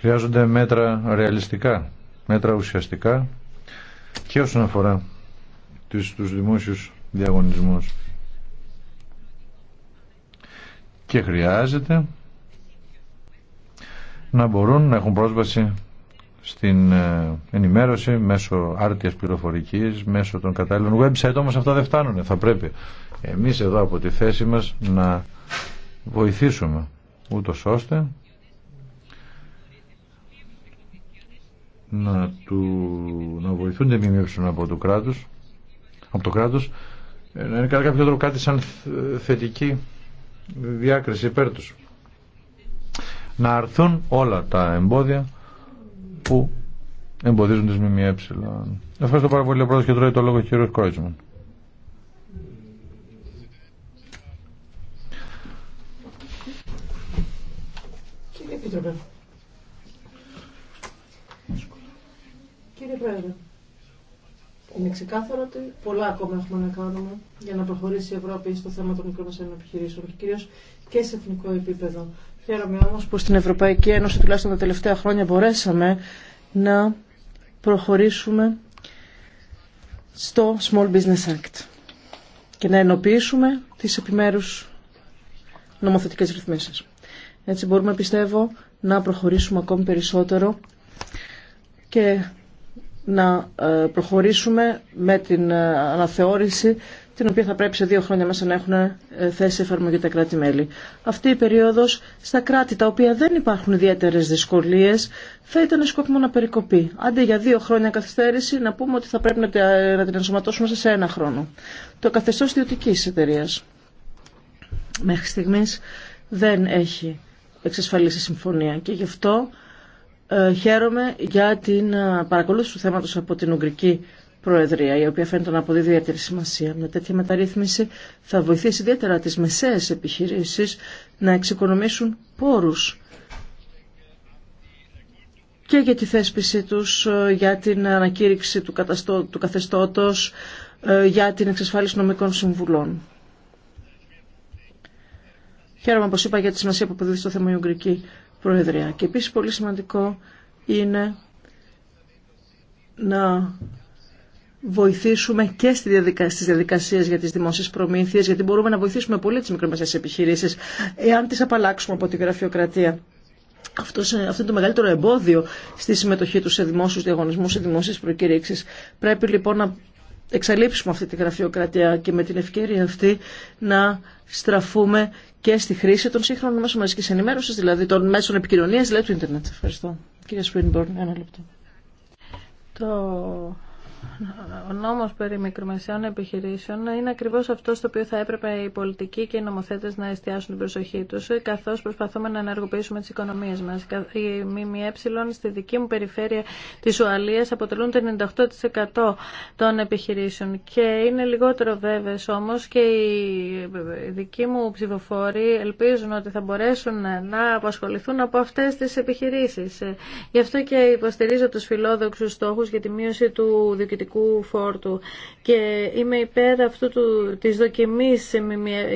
Χρειάζονται μέτρα ρεαλιστικά, μέτρα ουσιαστικά και όσον αφορά τους, τους δημόσιους διαγωνισμούς. Και χρειάζεται να μπορούν να έχουν πρόσβαση στην ε, ενημέρωση μέσω άρτιας πληροφορικής, μέσω των κατάλληλων website, όμως αυτά δεν φτάνουν. Θα πρέπει εμείς εδώ από τη θέση μας να βοηθήσουμε ούτω ώστε να, του, να βοηθούν από το κράτος, από το κράτος ε, να είναι κατά κάποιο τρόπο κάτι σαν θετική διάκριση υπέρ τους. Να αρθούν όλα τα εμπόδια που εμποδίζουν τις ΜΜΕ. Ευχαριστώ πάρα πολύ, Πρόεδρος, και τρώει το λόγο ο κύριος Κρόιτσμαν. Κύριε Επίτροπε. Κύριε Πρόεδρε. Είναι ξεκάθαρο ότι πολλά ακόμα έχουμε να κάνουμε για να προχωρήσει η Ευρώπη στο θέμα των μικρομεσαίων επιχειρήσεων, κυρίω και σε εθνικό επίπεδο. Χαίρομαι όμως που στην Ευρωπαϊκή Ένωση τουλάχιστον τα τελευταία χρόνια μπορέσαμε να προχωρήσουμε στο Small Business Act και να ενοποιήσουμε τις επιμέρους νομοθετικές ρυθμίσεις. Έτσι μπορούμε πιστεύω να προχωρήσουμε ακόμη περισσότερο και να ε, προχωρήσουμε με την ε, αναθεώρηση την οποία θα πρέπει σε δύο χρόνια μέσα να έχουν ε, θέσει εφαρμογή τα κράτη-μέλη. Αυτή η περίοδος στα κράτη τα οποία δεν υπάρχουν ιδιαίτερε δυσκολίε θα ήταν σκόπιμο να περικοπεί. Αντί για δύο χρόνια καθυστέρηση να πούμε ότι θα πρέπει να την ενσωματώσουμε σε ένα χρόνο. Το καθεστώ ιδιωτική εταιρεία. μέχρι στιγμή δεν έχει εξασφαλίσει συμφωνία και γι' αυτό ε, χαίρομαι για την ε, παρακολούθηση του θέματος από την Ουγγρική Προεδρία, η οποία φαίνεται να αποδίδει ιδιαίτερη σημασία. Με τέτοια μεταρρύθμιση θα βοηθήσει ιδιαίτερα τις μεσαίες επιχειρήσεις να εξοικονομήσουν πόρους και για τη θέσπιση τους, ε, για την ανακήρυξη του, καταστό, του καθεστώτος, ε, για την εξασφάλιση νομικών συμβουλών. Χαίρομαι, όπως είπα, για τη σημασία που αποδίδει στο θέμα η Ουγγρική Προεδρία. Και επίσης πολύ σημαντικό είναι να βοηθήσουμε και στη διαδικα... στις διαδικασίες για τις δημόσιες προμήθειες, γιατί μπορούμε να βοηθήσουμε πολύ τις μικρομεσαίες επιχειρήσεις, εάν τις απαλλάξουμε από τη γραφειοκρατία. Αυτό, αυτό είναι το μεγαλύτερο εμπόδιο στη συμμετοχή του σε δημόσιους διαγωνισμούς, σε δημόσιες προκήρυξεις. Πρέπει λοιπόν να εξαλείψουμε αυτή τη γραφειοκρατία και με την ευκαιρία αυτή να στραφούμε και στη χρήση των σύγχρονων μέσων μαζικής ενημέρωσης, δηλαδή των μέσων επικοινωνία δηλαδή του ίντερνετ. Ευχαριστώ. Κύριε Σπίνμπορν, ένα λεπτό. Το ο νόμο περί μικρομεσαίων επιχειρήσεων είναι ακριβώ αυτό στο οποίο θα έπρεπε οι πολιτικοί και οι νομοθέτε να εστιάσουν την προσοχή του καθώ προσπαθούμε να ενεργοποιήσουμε τι οικονομίε μα. Οι ΜΜΕ στη δική μου περιφέρεια τη Ουαλία αποτελούν το 98% των επιχειρήσεων και είναι λιγότερο βέβαιε όμω, και οι δικοί μου ψηφοφόροι ελπίζουν ότι θα μπορέσουν να απασχοληθούν από αυτέ τι επιχειρήσει. Γι' αυτό και υποστηρίζω του φιλόδοξου στόχου για τη μείωση του διοικητικού φόρτου και είμαι υπέρ αυτού του, της δοκιμής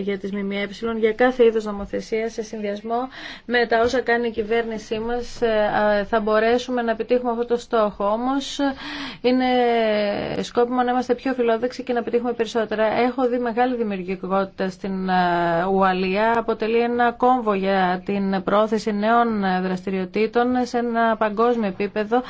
για τις ΜΜΕ για κάθε είδος νομοθεσία σε συνδυασμό με τα όσα κάνει η κυβέρνησή μας ε, θα μπορέσουμε να επιτύχουμε αυτό το στόχο. Όμως είναι σκόπιμο να είμαστε πιο φιλόδοξοι και να επιτύχουμε περισσότερα. Έχω δει μεγάλη δημιουργικότητα στην ε, Ουαλία. Αποτελεί ένα κόμβο για την πρόθεση νέων δραστηριοτήτων σε ένα παγκόσμιο επίπεδο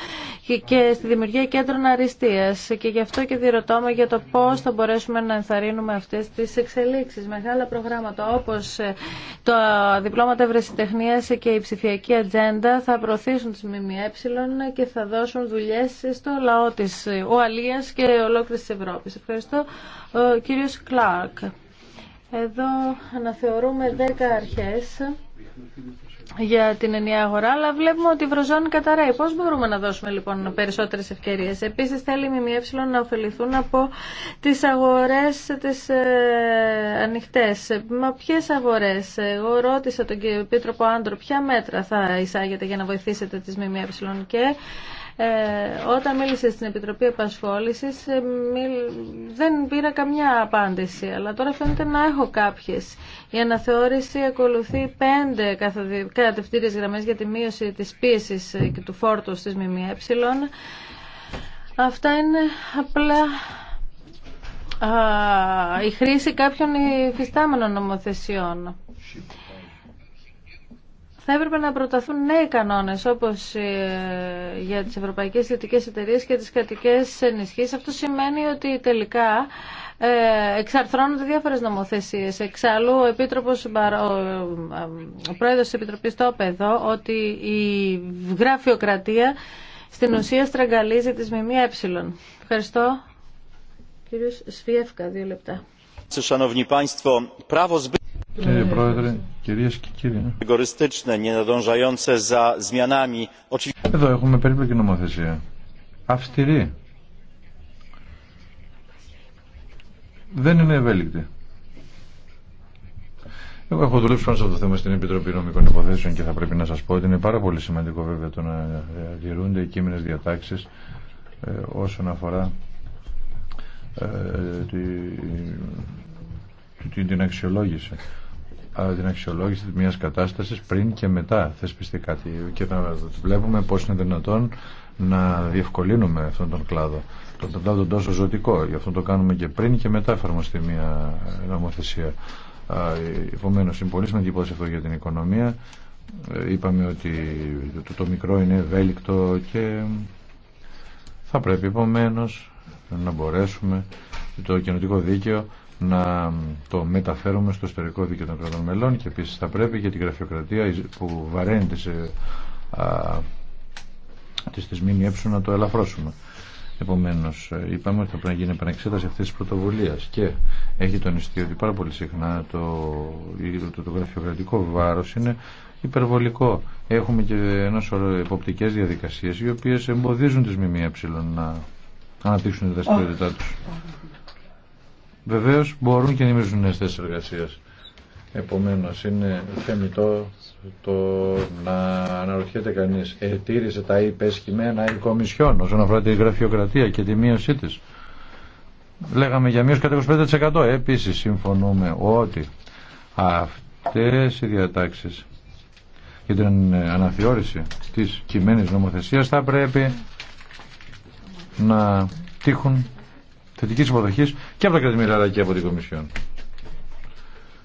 και στη δημιουργία κέντρων αριστεία και γι' αυτό και διερωτώμε για το πώς θα μπορέσουμε να ενθαρρύνουμε αυτές τις εξελίξεις. Μεγάλα προγράμματα όπως ε, το διπλώματα ευρεσιτεχνίας και η ψηφιακή ατζέντα θα προωθήσουν τις ΜΜΕ και θα δώσουν δουλειές στο λαό της Ουαλίας και ολόκληρης της Ευρώπης. Ευχαριστώ. Ο κύριος Κλάρκ. Εδώ αναθεωρούμε 10 αρχές για την ενιαία αγορά, αλλά βλέπουμε ότι η Βροζώνη καταραίει. Πώς μπορούμε να δώσουμε λοιπόν περισσότερες ευκαιρίες. Επίσης θέλει η ΜΜΕ να ωφεληθούν από τις αγορές τις ε, ανοιχτές. Μα ποιες αγορές. Εγώ ρώτησα τον κύριο Πίτροπο Άντρο ποια μέτρα θα εισάγετε για να βοηθήσετε τις ΜΜΕ και ε, όταν μίλησε στην Επιτροπή ε, μίλ δεν πήρα καμιά απάντηση, αλλά τώρα φαίνεται να έχω κάποιες. Η αναθεώρηση ακολουθεί πέντε κατευθύντε γραμμέ για τη μείωση της πίεσης ε, και του φόρτου στις ΜΜΕ. Αυτά είναι απλά η χρήση κάποιων υφιστάμενων νομοθεσιών. Θα έπρεπε να προταθούν νέοι κανόνες όπως ε, για τις ευρωπαϊκές ιδιωτικές εταιρείες και τις κρατικές ενισχύσει, Αυτό σημαίνει ότι τελικά ε, εξαρθρώνονται διάφορες νομοθεσίες. Εξάλλου, ο, Επίτροπος, ε, ο πρόεδρος της Επιτροπής το εδώ ότι η γραφειοκρατία στην ουσία στραγγαλίζει τις ΜΜΕ. Ευχαριστώ. Κύριος Σφιεύκα, δύο λεπτά. Κύριε Πρόεδρε, Κυρίες και κύριοι. Εδώ έχουμε περίπλοκη νομοθεσία. Αυστηρή. Δεν είναι ευέλικτη. Εγώ έχω δουλέψει πάνω σε αυτό το θέμα στην Επιτροπή Νομικών Υποθέσεων και θα πρέπει να σα πω ότι είναι πάρα πολύ σημαντικό βέβαια το να ε, διαιρούνται οι κείμενε διατάξεις ε, όσον αφορά ε, την αξιολόγηση την αξιολόγηση μιας κατάσταση πριν και μετά θεσπιστεί κάτι και να βλέπουμε πώ είναι δυνατόν να διευκολύνουμε αυτόν τον κλάδο τον κλάδο τόσο ζωτικό γι' αυτό το κάνουμε και πριν και μετά εφαρμοστεί μια νομοθεσία Επομένω, είναι πολύ σημαντικό αυτό για την οικονομία ε, είπαμε ότι το, μικρό είναι ευέλικτο και θα πρέπει επομένω να μπορέσουμε το κοινοτικό δίκαιο να το μεταφέρουμε στο ιστορικό δίκαιο των κρατών μελών και επίσης θα πρέπει για την γραφειοκρατία που βαραίνεται τι α, ΜΜΕ να το ελαφρώσουμε. Επομένως, ε, είπαμε ότι θα πρέπει να γίνει επανεξέταση αυτής της πρωτοβουλίας και έχει τονιστεί ότι πάρα πολύ συχνά το, το, το, γραφειοκρατικό βάρος είναι υπερβολικό. Έχουμε και ένα σωρό εποπτικές διαδικασίες οι οποίες εμποδίζουν τις ΜΜΕ να αναπτύξουν τη δραστηριότητά τους βεβαίω μπορούν και δημιουργούν νέε θέσει εργασία. Επομένω, είναι θεμητό το να αναρωτιέται κανεί, ετήρησε τα υπεσχημένα η Κομισιόν όσον αφορά τη γραφειοκρατία και τη μείωσή τη. Λέγαμε για μείωση κατά 25%. Επίση, συμφωνούμε ότι αυτέ οι διατάξει για την αναθεώρηση τη κειμένη νομοθεσία θα πρέπει να τύχουν θετική υποδοχή και από τα κρατημέρια και από την Κομισιόν.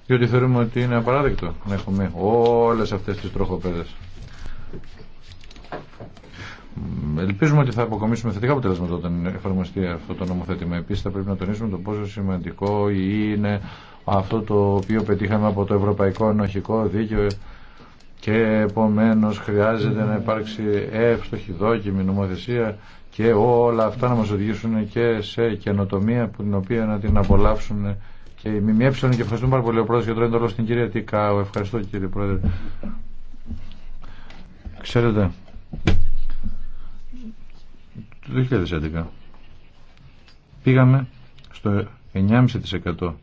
Διότι θεωρούμε ότι είναι απαράδεκτο να έχουμε όλε αυτέ τι τροχοπέδε. Ελπίζουμε ότι θα αποκομίσουμε θετικά αποτελέσματα όταν εφαρμοστεί αυτό το νομοθέτημα. Επίση, θα πρέπει να τονίσουμε το πόσο σημαντικό είναι αυτό το οποίο πετύχαμε από το Ευρωπαϊκό Ενοχικό Δίκαιο και επομένω χρειάζεται να υπάρξει εύστοχη δόκιμη νομοθεσία και όλα αυτά να μας οδηγήσουν και σε καινοτομία που την οποία να την απολαύσουν και οι ΜΜΕ και ευχαριστούμε πάρα πολύ ο πρόεδρος και το έντολο στην κυρία Τικάου. Ευχαριστώ κύριε πρόεδρε. Ξέρετε, το 2011 πήγαμε στο 9,5%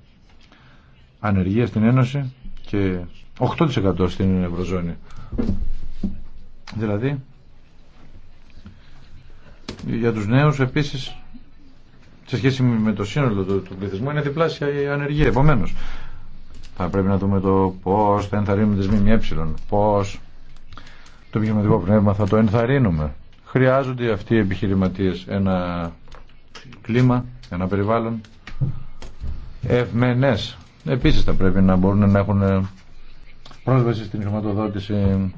ανεργία στην Ένωση και 8% στην Ευρωζώνη. Δηλαδή, για τους νέους επίσης σε σχέση με το σύνολο του, του πληθυσμού είναι διπλάσια η ανεργία. Επομένως, θα πρέπει να δούμε το πώς θα ενθαρρύνουμε τις ΜΜΕ, πώς το επιχειρηματικό πνεύμα θα το ενθαρρύνουμε. Χρειάζονται αυτοί οι επιχειρηματίες ένα κλίμα, ένα περιβάλλον ευμενές. Επίσης θα πρέπει να μπορούν να έχουν πρόσβαση στην χρηματοδότηση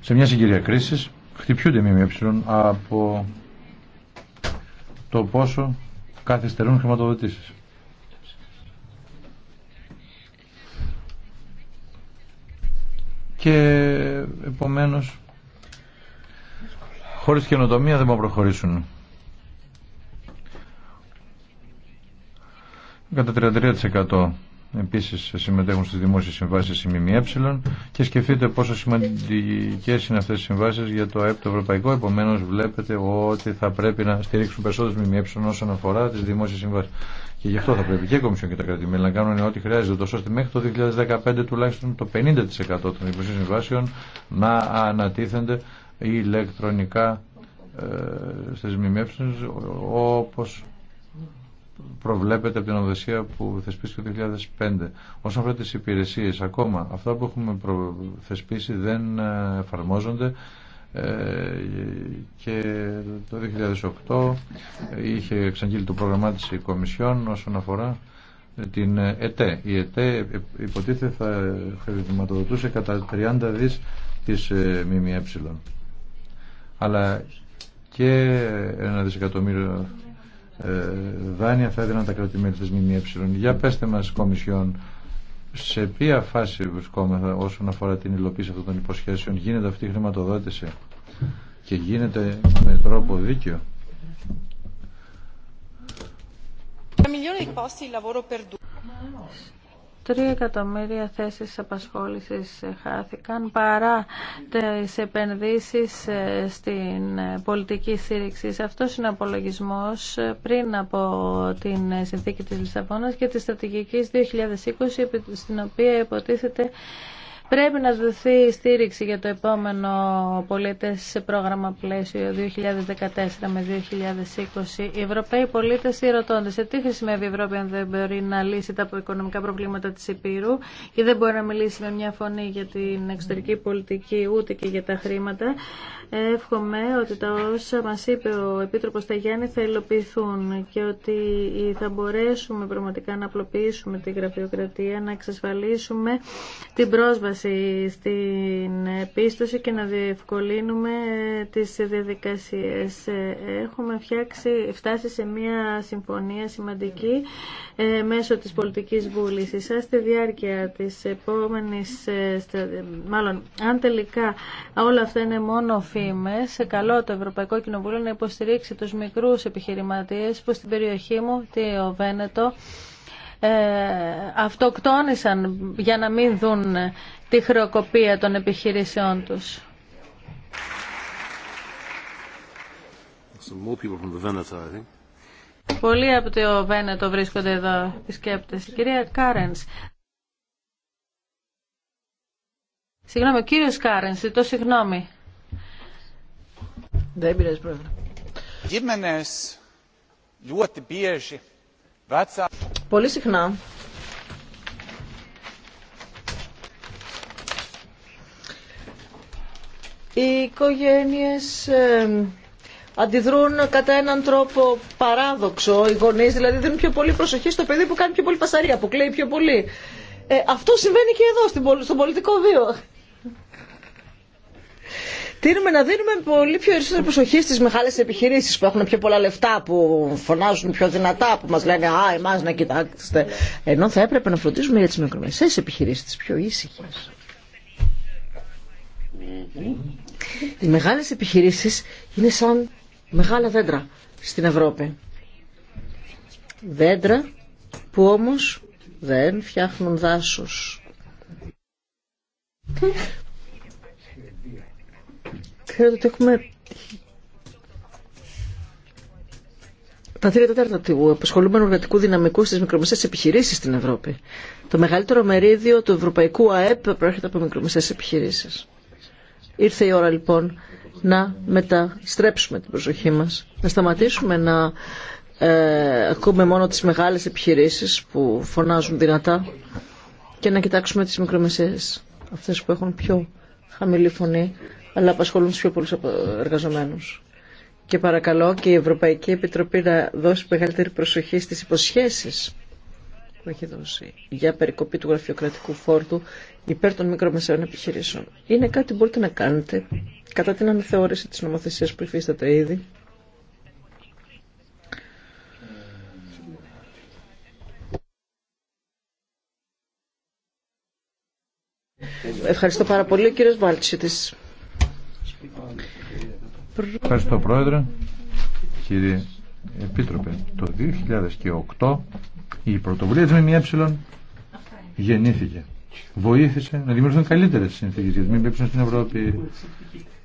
σε μια συγκυρία κρίσης χτυπιούνται ΜΜΕ από το πόσο καθυστερούν χρηματοδοτήσεις. Και επομένως χωρίς καινοτομία δεν μπορούν να προχωρήσουν. Κατά 33% Επίση, συμμετέχουν στι δημόσιε συμβάσει η ΜΜΕ και σκεφτείτε πόσο σημαντικέ είναι αυτές οι συμβάσεις για το το Ευρωπαϊκό. Επομένω βλέπετε ότι θα πρέπει να στηρίξουν περισσότερε ΜΜΕ όσον αφορά τι δημόσιε συμβάσει. Και γι' αυτό θα πρέπει και η Κομισιόν και τα κράτη να κάνουν ό,τι χρειάζεται, τόσο ώστε μέχρι το 2015 τουλάχιστον το 50% των δημοσίων συμβάσεων να ανατίθενται ηλεκτρονικά ε, στις ΜΜΕ όπως προβλέπεται από την ομοθεσία που θεσπίστηκε το 2005. Όσον αφορά τις υπηρεσίες, ακόμα αυτά που έχουμε θεσπίσει δεν ε, εφαρμόζονται ε, και το 2008 είχε εξαγγείλει το πρόγραμμά της η Κομισιόν όσον αφορά ε, την ΕΤΕ. Η ΕΤΕ υποτίθεται θα χρηματοδοτούσε κατά 30 δις της ΜΜΕ. Αλλά και ένα δισεκατομμύριο ε, δάνεια θα έδιναν τα κρατημέλη της ΜΜΕ. Για πέστε μας Κομισιόν, σε ποια φάση βρισκόμεθα όσον αφορά την υλοποίηση αυτών των υποσχέσεων, γίνεται αυτή η χρηματοδότηση και γίνεται με τρόπο δίκαιο. Τρία εκατομμύρια θέσεις απασχόλησης χάθηκαν παρά τις επενδύσεις ε, στην πολιτική στήριξη. Αυτό είναι ο απολογισμός πριν από την συνθήκη της Λισαβόνας και της στρατηγικής 2020 στην οποία υποτίθεται Πρέπει να δοθεί στήριξη για το επόμενο πολίτες πρόγραμμα πλαίσιο 2014 με 2020. Οι Ευρωπαίοι πολίτες ρωτώνται σε τι χρησιμεύει η Ευρώπη αν δεν μπορεί να λύσει τα οικονομικά προβλήματα της Επίρου και δεν μπορεί να μιλήσει με μια φωνή για την εξωτερική πολιτική ούτε και για τα χρήματα. Εύχομαι ότι τα όσα μας είπε ο Επίτροπος Ταγιάννη θα υλοποιηθούν και ότι θα μπορέσουμε πραγματικά να απλοποιήσουμε τη γραφειοκρατία, να εξασφαλίσουμε την πρόσβαση στην πίστοση και να διευκολύνουμε τις διαδικασίες. Έχουμε φτιάξει, φτάσει σε μια συμφωνία σημαντική ε, μέσω της πολιτικής βούλησης. Σας στη διάρκεια της επόμενης, ε, μάλλον αν τελικά όλα αυτά είναι μόνο σε Καλό το Ευρωπαϊκό Κοινοβούλιο να υποστηρίξει τους μικρούς επιχειρηματίες που στην περιοχή μου, το Βένετο, ε, αυτοκτόνησαν για να μην δουν τη χρεοκοπία των επιχειρήσεών τους. Πολλοί από το Βένετο βρίσκονται εδώ επισκέπτε. Κυρία Κάρενς. Συγγνώμη, ο κύριος Κάρενς, το συγγνώμη. Δεν πειράζει, Πρόεδρε. Πολύ συχνά οι οικογένειες αντιδρούν κατά έναν τρόπο παράδοξο. Οι γονείς δηλαδή δίνουν πιο πολύ προσοχή στο παιδί που κάνει πιο πολύ πασαρία, που κλαίει πιο πολύ. Ε, αυτό συμβαίνει και εδώ, στον πολιτικό βίο. Τείνουμε να δίνουμε πολύ πιο περισσότερη προσοχή στις μεγάλες επιχειρήσεις που έχουν πιο πολλά λεφτά, που φωνάζουν πιο δυνατά, που μας λένε «Α, εμάς να κοιτάξτε». Ενώ θα έπρεπε να φροντίζουμε για τις μικρομεσαίες επιχειρήσεις, τις πιο ήσυχες. Mm-hmm. Οι μεγάλες επιχειρήσεις είναι σαν μεγάλα δέντρα στην Ευρώπη. Δέντρα που όμως δεν φτιάχνουν δάσος. Ξέρετε ότι έχουμε τα τρία τέταρτα του απασχολούμενου εργατικού δυναμικού στι μικρομεσαίε επιχειρήσει στην Ευρώπη. Το μεγαλύτερο μερίδιο του ευρωπαϊκού ΑΕΠ προέρχεται από μικρομεσαίε επιχειρήσει. Ήρθε η ώρα λοιπόν να μεταστρέψουμε την προσοχή μα, να σταματήσουμε να ε, ακούμε μόνο τι μεγάλε επιχειρήσει που φωνάζουν δυνατά και να κοιτάξουμε τι μικρομεσαίες, αυτέ που έχουν πιο χαμηλή φωνή, αλλά απασχολούν του πιο πολλού εργαζομένους. Και παρακαλώ και η Ευρωπαϊκή Επιτροπή να δώσει μεγαλύτερη προσοχή στις υποσχέσεις που έχει δώσει για περικοπή του γραφειοκρατικού φόρτου υπέρ των μικρομεσαίων επιχειρήσεων. Είναι κάτι που μπορείτε να κάνετε κατά την αναθεώρηση τη νομοθεσία που υφίσταται ήδη. Ευχαριστώ πάρα πολύ, κύριε Βάλτσιτης. Ευχαριστώ Πρόεδρε. Κύριε Επίτροπε, το 2008 η πρωτοβουλία της ΜΜΕ γεννήθηκε. Βοήθησε να δημιουργηθούν καλύτερες συνθήκες για τη ΜΜΕ στην Ευρώπη.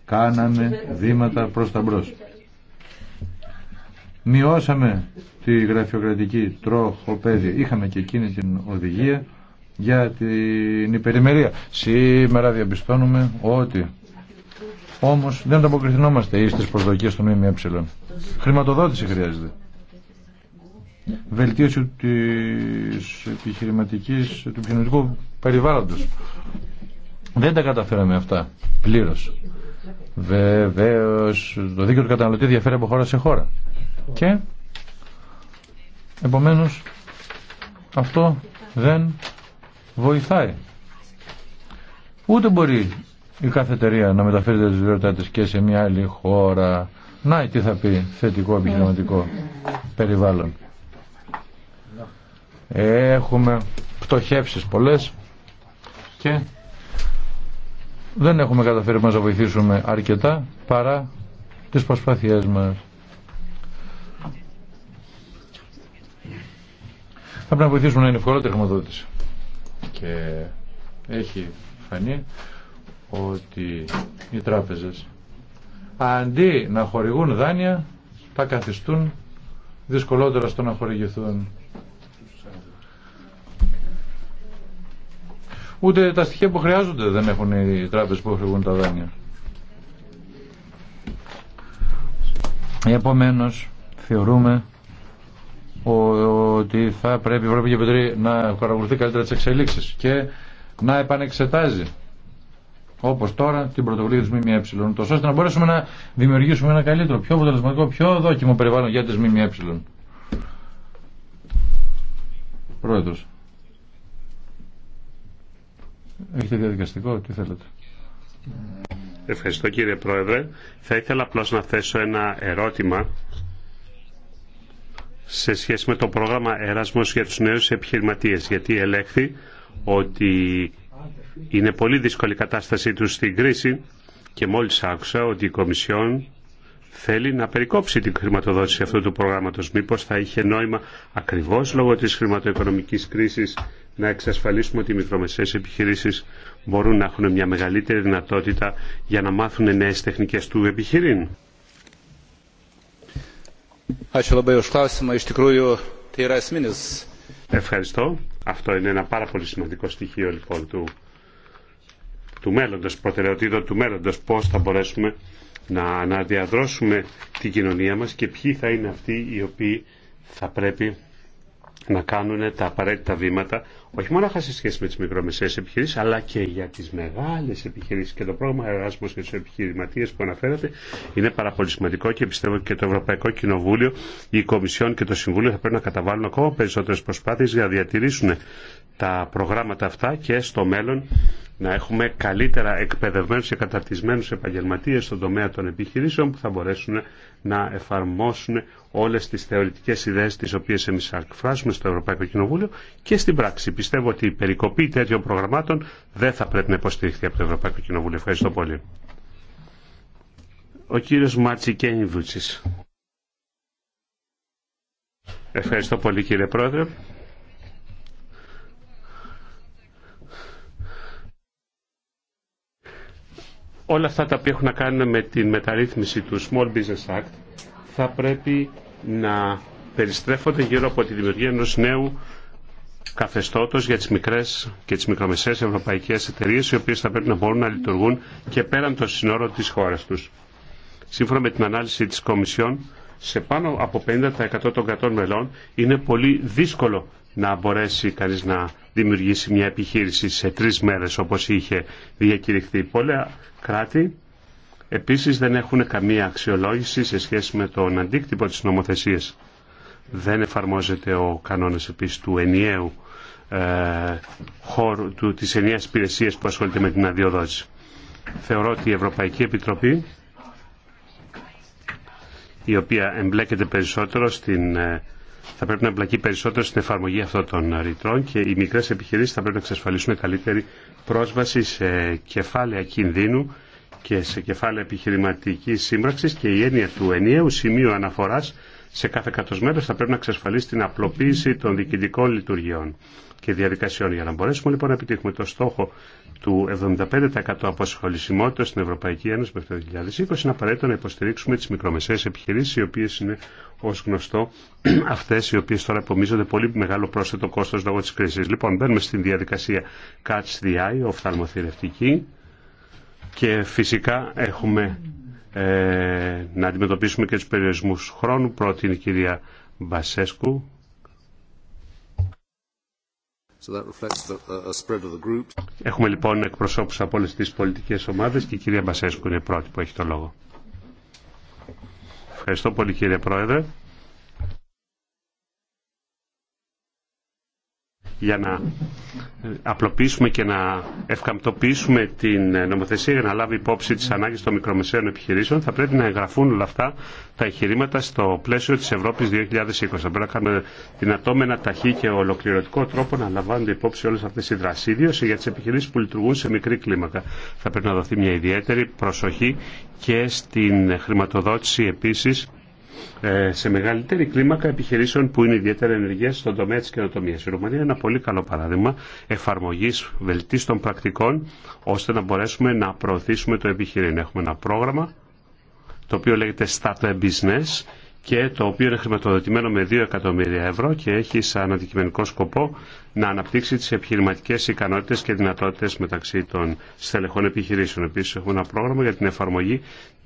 Κάναμε βήματα προς τα μπρος. Μειώσαμε τη γραφειοκρατική τροχοπέδη Είχαμε και εκείνη την οδηγία για την υπερημερία. Σήμερα διαπιστώνουμε ότι Όμω δεν ανταποκριθινόμαστε ή στις προσδοκίε των ΜΜΕ. Χρηματοδότηση χρειάζεται. Βελτίωση της επιχειρηματικής, του επιχειρηματικού περιβάλλοντος. Δεν τα καταφέραμε αυτά πλήρω. Βεβαίω, το δίκαιο του καταναλωτή διαφέρει από χώρα σε χώρα. Και επομένω αυτό δεν βοηθάει. Ούτε μπορεί η κάθε εταιρεία να μεταφέρει τι δραστηριότητά και σε μια άλλη χώρα. Να, τι θα πει θετικό επιχειρηματικό περιβάλλον. Έχουμε πτωχεύσεις πολλές και δεν έχουμε καταφέρει μας να βοηθήσουμε αρκετά παρά τις προσπάθειές μας. Θα πρέπει να βοηθήσουμε να είναι ευκολότερη χρηματοδότηση. Και έχει φανεί ότι οι τράπεζες αντί να χορηγούν δάνεια τα καθιστούν δυσκολότερα στο να χορηγηθούν. Ούτε τα στοιχεία που χρειάζονται δεν έχουν οι τράπεζες που χορηγούν τα δάνεια. Επομένως, θεωρούμε ότι θα πρέπει η Ευρωπαϊκή Επιτροπή να παρακολουθεί καλύτερα τις εξελίξεις και να επανεξετάζει όπως τώρα την πρωτοβουλία της ΜΜΕ, ώστε να μπορέσουμε να δημιουργήσουμε ένα καλύτερο, πιο αποτελεσματικό, πιο δόκιμο περιβάλλον για τις ΜΜΕ. Πρόεδρος. Έχετε διαδικαστικό, τι θέλετε. Ευχαριστώ κύριε Πρόεδρε. Θα ήθελα απλώς να θέσω ένα ερώτημα σε σχέση με το πρόγραμμα Εράσμος για τους νέους επιχειρηματίες, γιατί ελέγχθη ότι είναι πολύ δύσκολη η κατάστασή τους στην κρίση και μόλις άκουσα ότι η Κομισιόν θέλει να περικόψει την χρηματοδότηση αυτού του προγράμματος. Μήπως θα είχε νόημα ακριβώς λόγω της χρηματοοικονομικής κρίσης να εξασφαλίσουμε ότι οι μικρομεσαίες επιχειρήσεις μπορούν να έχουν μια μεγαλύτερη δυνατότητα για να μάθουν νέες τεχνικές του επιχειρήν. Ευχαριστώ. Αυτό είναι ένα πάρα πολύ σημαντικό στοιχείο λοιπόν του, του μέλλοντος, προτεραιοτήτων του μέλλοντος, πώς θα μπορέσουμε να αναδιαδρώσουμε την κοινωνία μας και ποιοι θα είναι αυτοί οι οποίοι θα πρέπει να κάνουν τα απαραίτητα βήματα, όχι μόνο σε σχέση με τι μικρομεσαίες επιχειρήσει, αλλά και για τις μεγάλες επιχειρήσεις. Και το πρόγραμμα εργασμού για του επιχειρηματίε που αναφέρατε είναι πάρα πολύ σημαντικό και πιστεύω και το Ευρωπαϊκό Κοινοβούλιο, η Κομισιόν και το Συμβούλιο θα πρέπει να καταβάλουν ακόμα περισσότερε προσπάθειε για να διατηρήσουν τα προγράμματα αυτά και στο μέλλον να έχουμε καλύτερα εκπαιδευμένους και καταρτισμένους επαγγελματίες στον τομέα των επιχειρήσεων που θα μπορέσουν να εφαρμόσουν όλες τις θεωρητικές ιδέες τις οποίες εμείς εκφράζουμε στο Ευρωπαϊκό Κοινοβούλιο και στην πράξη. Πιστεύω ότι η περικοπή τέτοιων προγραμμάτων δεν θα πρέπει να υποστηριχθεί από το Ευρωπαϊκό Κοινοβούλιο. Ευχαριστώ πολύ. Ο κύριος Βούτσης. Ευχαριστώ πολύ κύριε Πρόεδρε. όλα αυτά τα οποία έχουν να κάνουν με την μεταρρύθμιση του Small Business Act θα πρέπει να περιστρέφονται γύρω από τη δημιουργία ενός νέου καθεστώτος για τις μικρές και τις μικρομεσαίες ευρωπαϊκές εταιρείες οι οποίες θα πρέπει να μπορούν να λειτουργούν και πέραν των συνόρων της χώρας τους. Σύμφωνα με την ανάλυση της Κομισιόν, σε πάνω από 50% των κρατών μελών είναι πολύ δύσκολο να μπορέσει κανείς να δημιουργήσει μια επιχείρηση σε τρεις μέρες όπως είχε διακηρυχθεί. Πολλά κράτη επίσης δεν έχουν καμία αξιολόγηση σε σχέση με τον αντίκτυπο της νομοθεσίας. Δεν εφαρμόζεται ο κανόνας επίσης του ενιαίου ε, χώρου, του, της ενιαίας υπηρεσία που ασχολείται με την αδειοδότηση. Θεωρώ ότι η Ευρωπαϊκή Επιτροπή η οποία εμπλέκεται περισσότερο στην ε, θα πρέπει να εμπλακεί περισσότερο στην εφαρμογή αυτών των ρητρών και οι μικρές επιχειρήσεις θα πρέπει να εξασφαλίσουν καλύτερη πρόσβαση σε κεφάλαια κινδύνου και σε κεφάλαια επιχειρηματική σύμπραξη και η έννοια του ενιαίου σημείου αναφορά σε κάθε κατοσμένο θα πρέπει να εξασφαλίσει την απλοποίηση των διοικητικών λειτουργιών και διαδικασιών. Για να μπορέσουμε λοιπόν να επιτύχουμε το στόχο του 75% αποσχολησιμότητα στην Ευρωπαϊκή Ένωση μέχρι το 2020, είναι απαραίτητο να υποστηρίξουμε τι μικρομεσαίε επιχειρήσει, οι οποίε είναι ω γνωστό *clears throat* αυτέ οι οποίε τώρα απομίζονται πολύ μεγάλο πρόσθετο κόστο λόγω τη κρίση. Λοιπόν, μπαίνουμε στην διαδικασία Catch the Eye, οφθαλμοθυρευτική και φυσικά έχουμε ε, να αντιμετωπίσουμε και τους περιορισμούς χρόνου. Πρώτη είναι η κυρία Μπασέσκου Uh, Έχουμε λοιπόν εκπροσώπους από όλες τις πολιτικές ομάδες και η κυρία Μπασέσκου είναι η πρώτη που έχει το λόγο. Ευχαριστώ πολύ κύριε Πρόεδρε. για να ε, απλοποιήσουμε και να ευκαμπτοποιήσουμε την ε, νομοθεσία για να λάβει υπόψη τις ανάγκες των μικρομεσαίων επιχειρήσεων θα πρέπει να εγγραφούν όλα αυτά τα εγχειρήματα στο πλαίσιο της Ευρώπης 2020. Θα πρέπει να κάνουμε δυνατό με ένα ταχύ και ολοκληρωτικό τρόπο να λαμβάνονται υπόψη όλες αυτές οι δράσεις, για τις επιχειρήσεις που λειτουργούν σε μικρή κλίμακα. Θα πρέπει να δοθεί μια ιδιαίτερη προσοχή και στην χρηματοδότηση επίσης ε, σε μεγαλύτερη κλίμακα επιχειρήσεων που είναι ιδιαίτερα ενεργέ στον τομέα τη καινοτομία. Η Ρουμανία είναι ένα πολύ καλό παράδειγμα εφαρμογή βελτίστων πρακτικών ώστε να μπορέσουμε να προωθήσουμε το επιχειρήν. Έχουμε ένα πρόγραμμα το οποίο λέγεται λέγεται Startup Business και το οποίο είναι χρηματοδοτημένο με 2 εκατομμύρια ευρώ και έχει σαν αντικειμενικό σκοπό να αναπτύξει τις επιχειρηματικές ικανότητες και δυνατότητες μεταξύ των στελεχών επιχειρήσεων. Επίσης έχουμε ένα πρόγραμμα για την εφαρμογή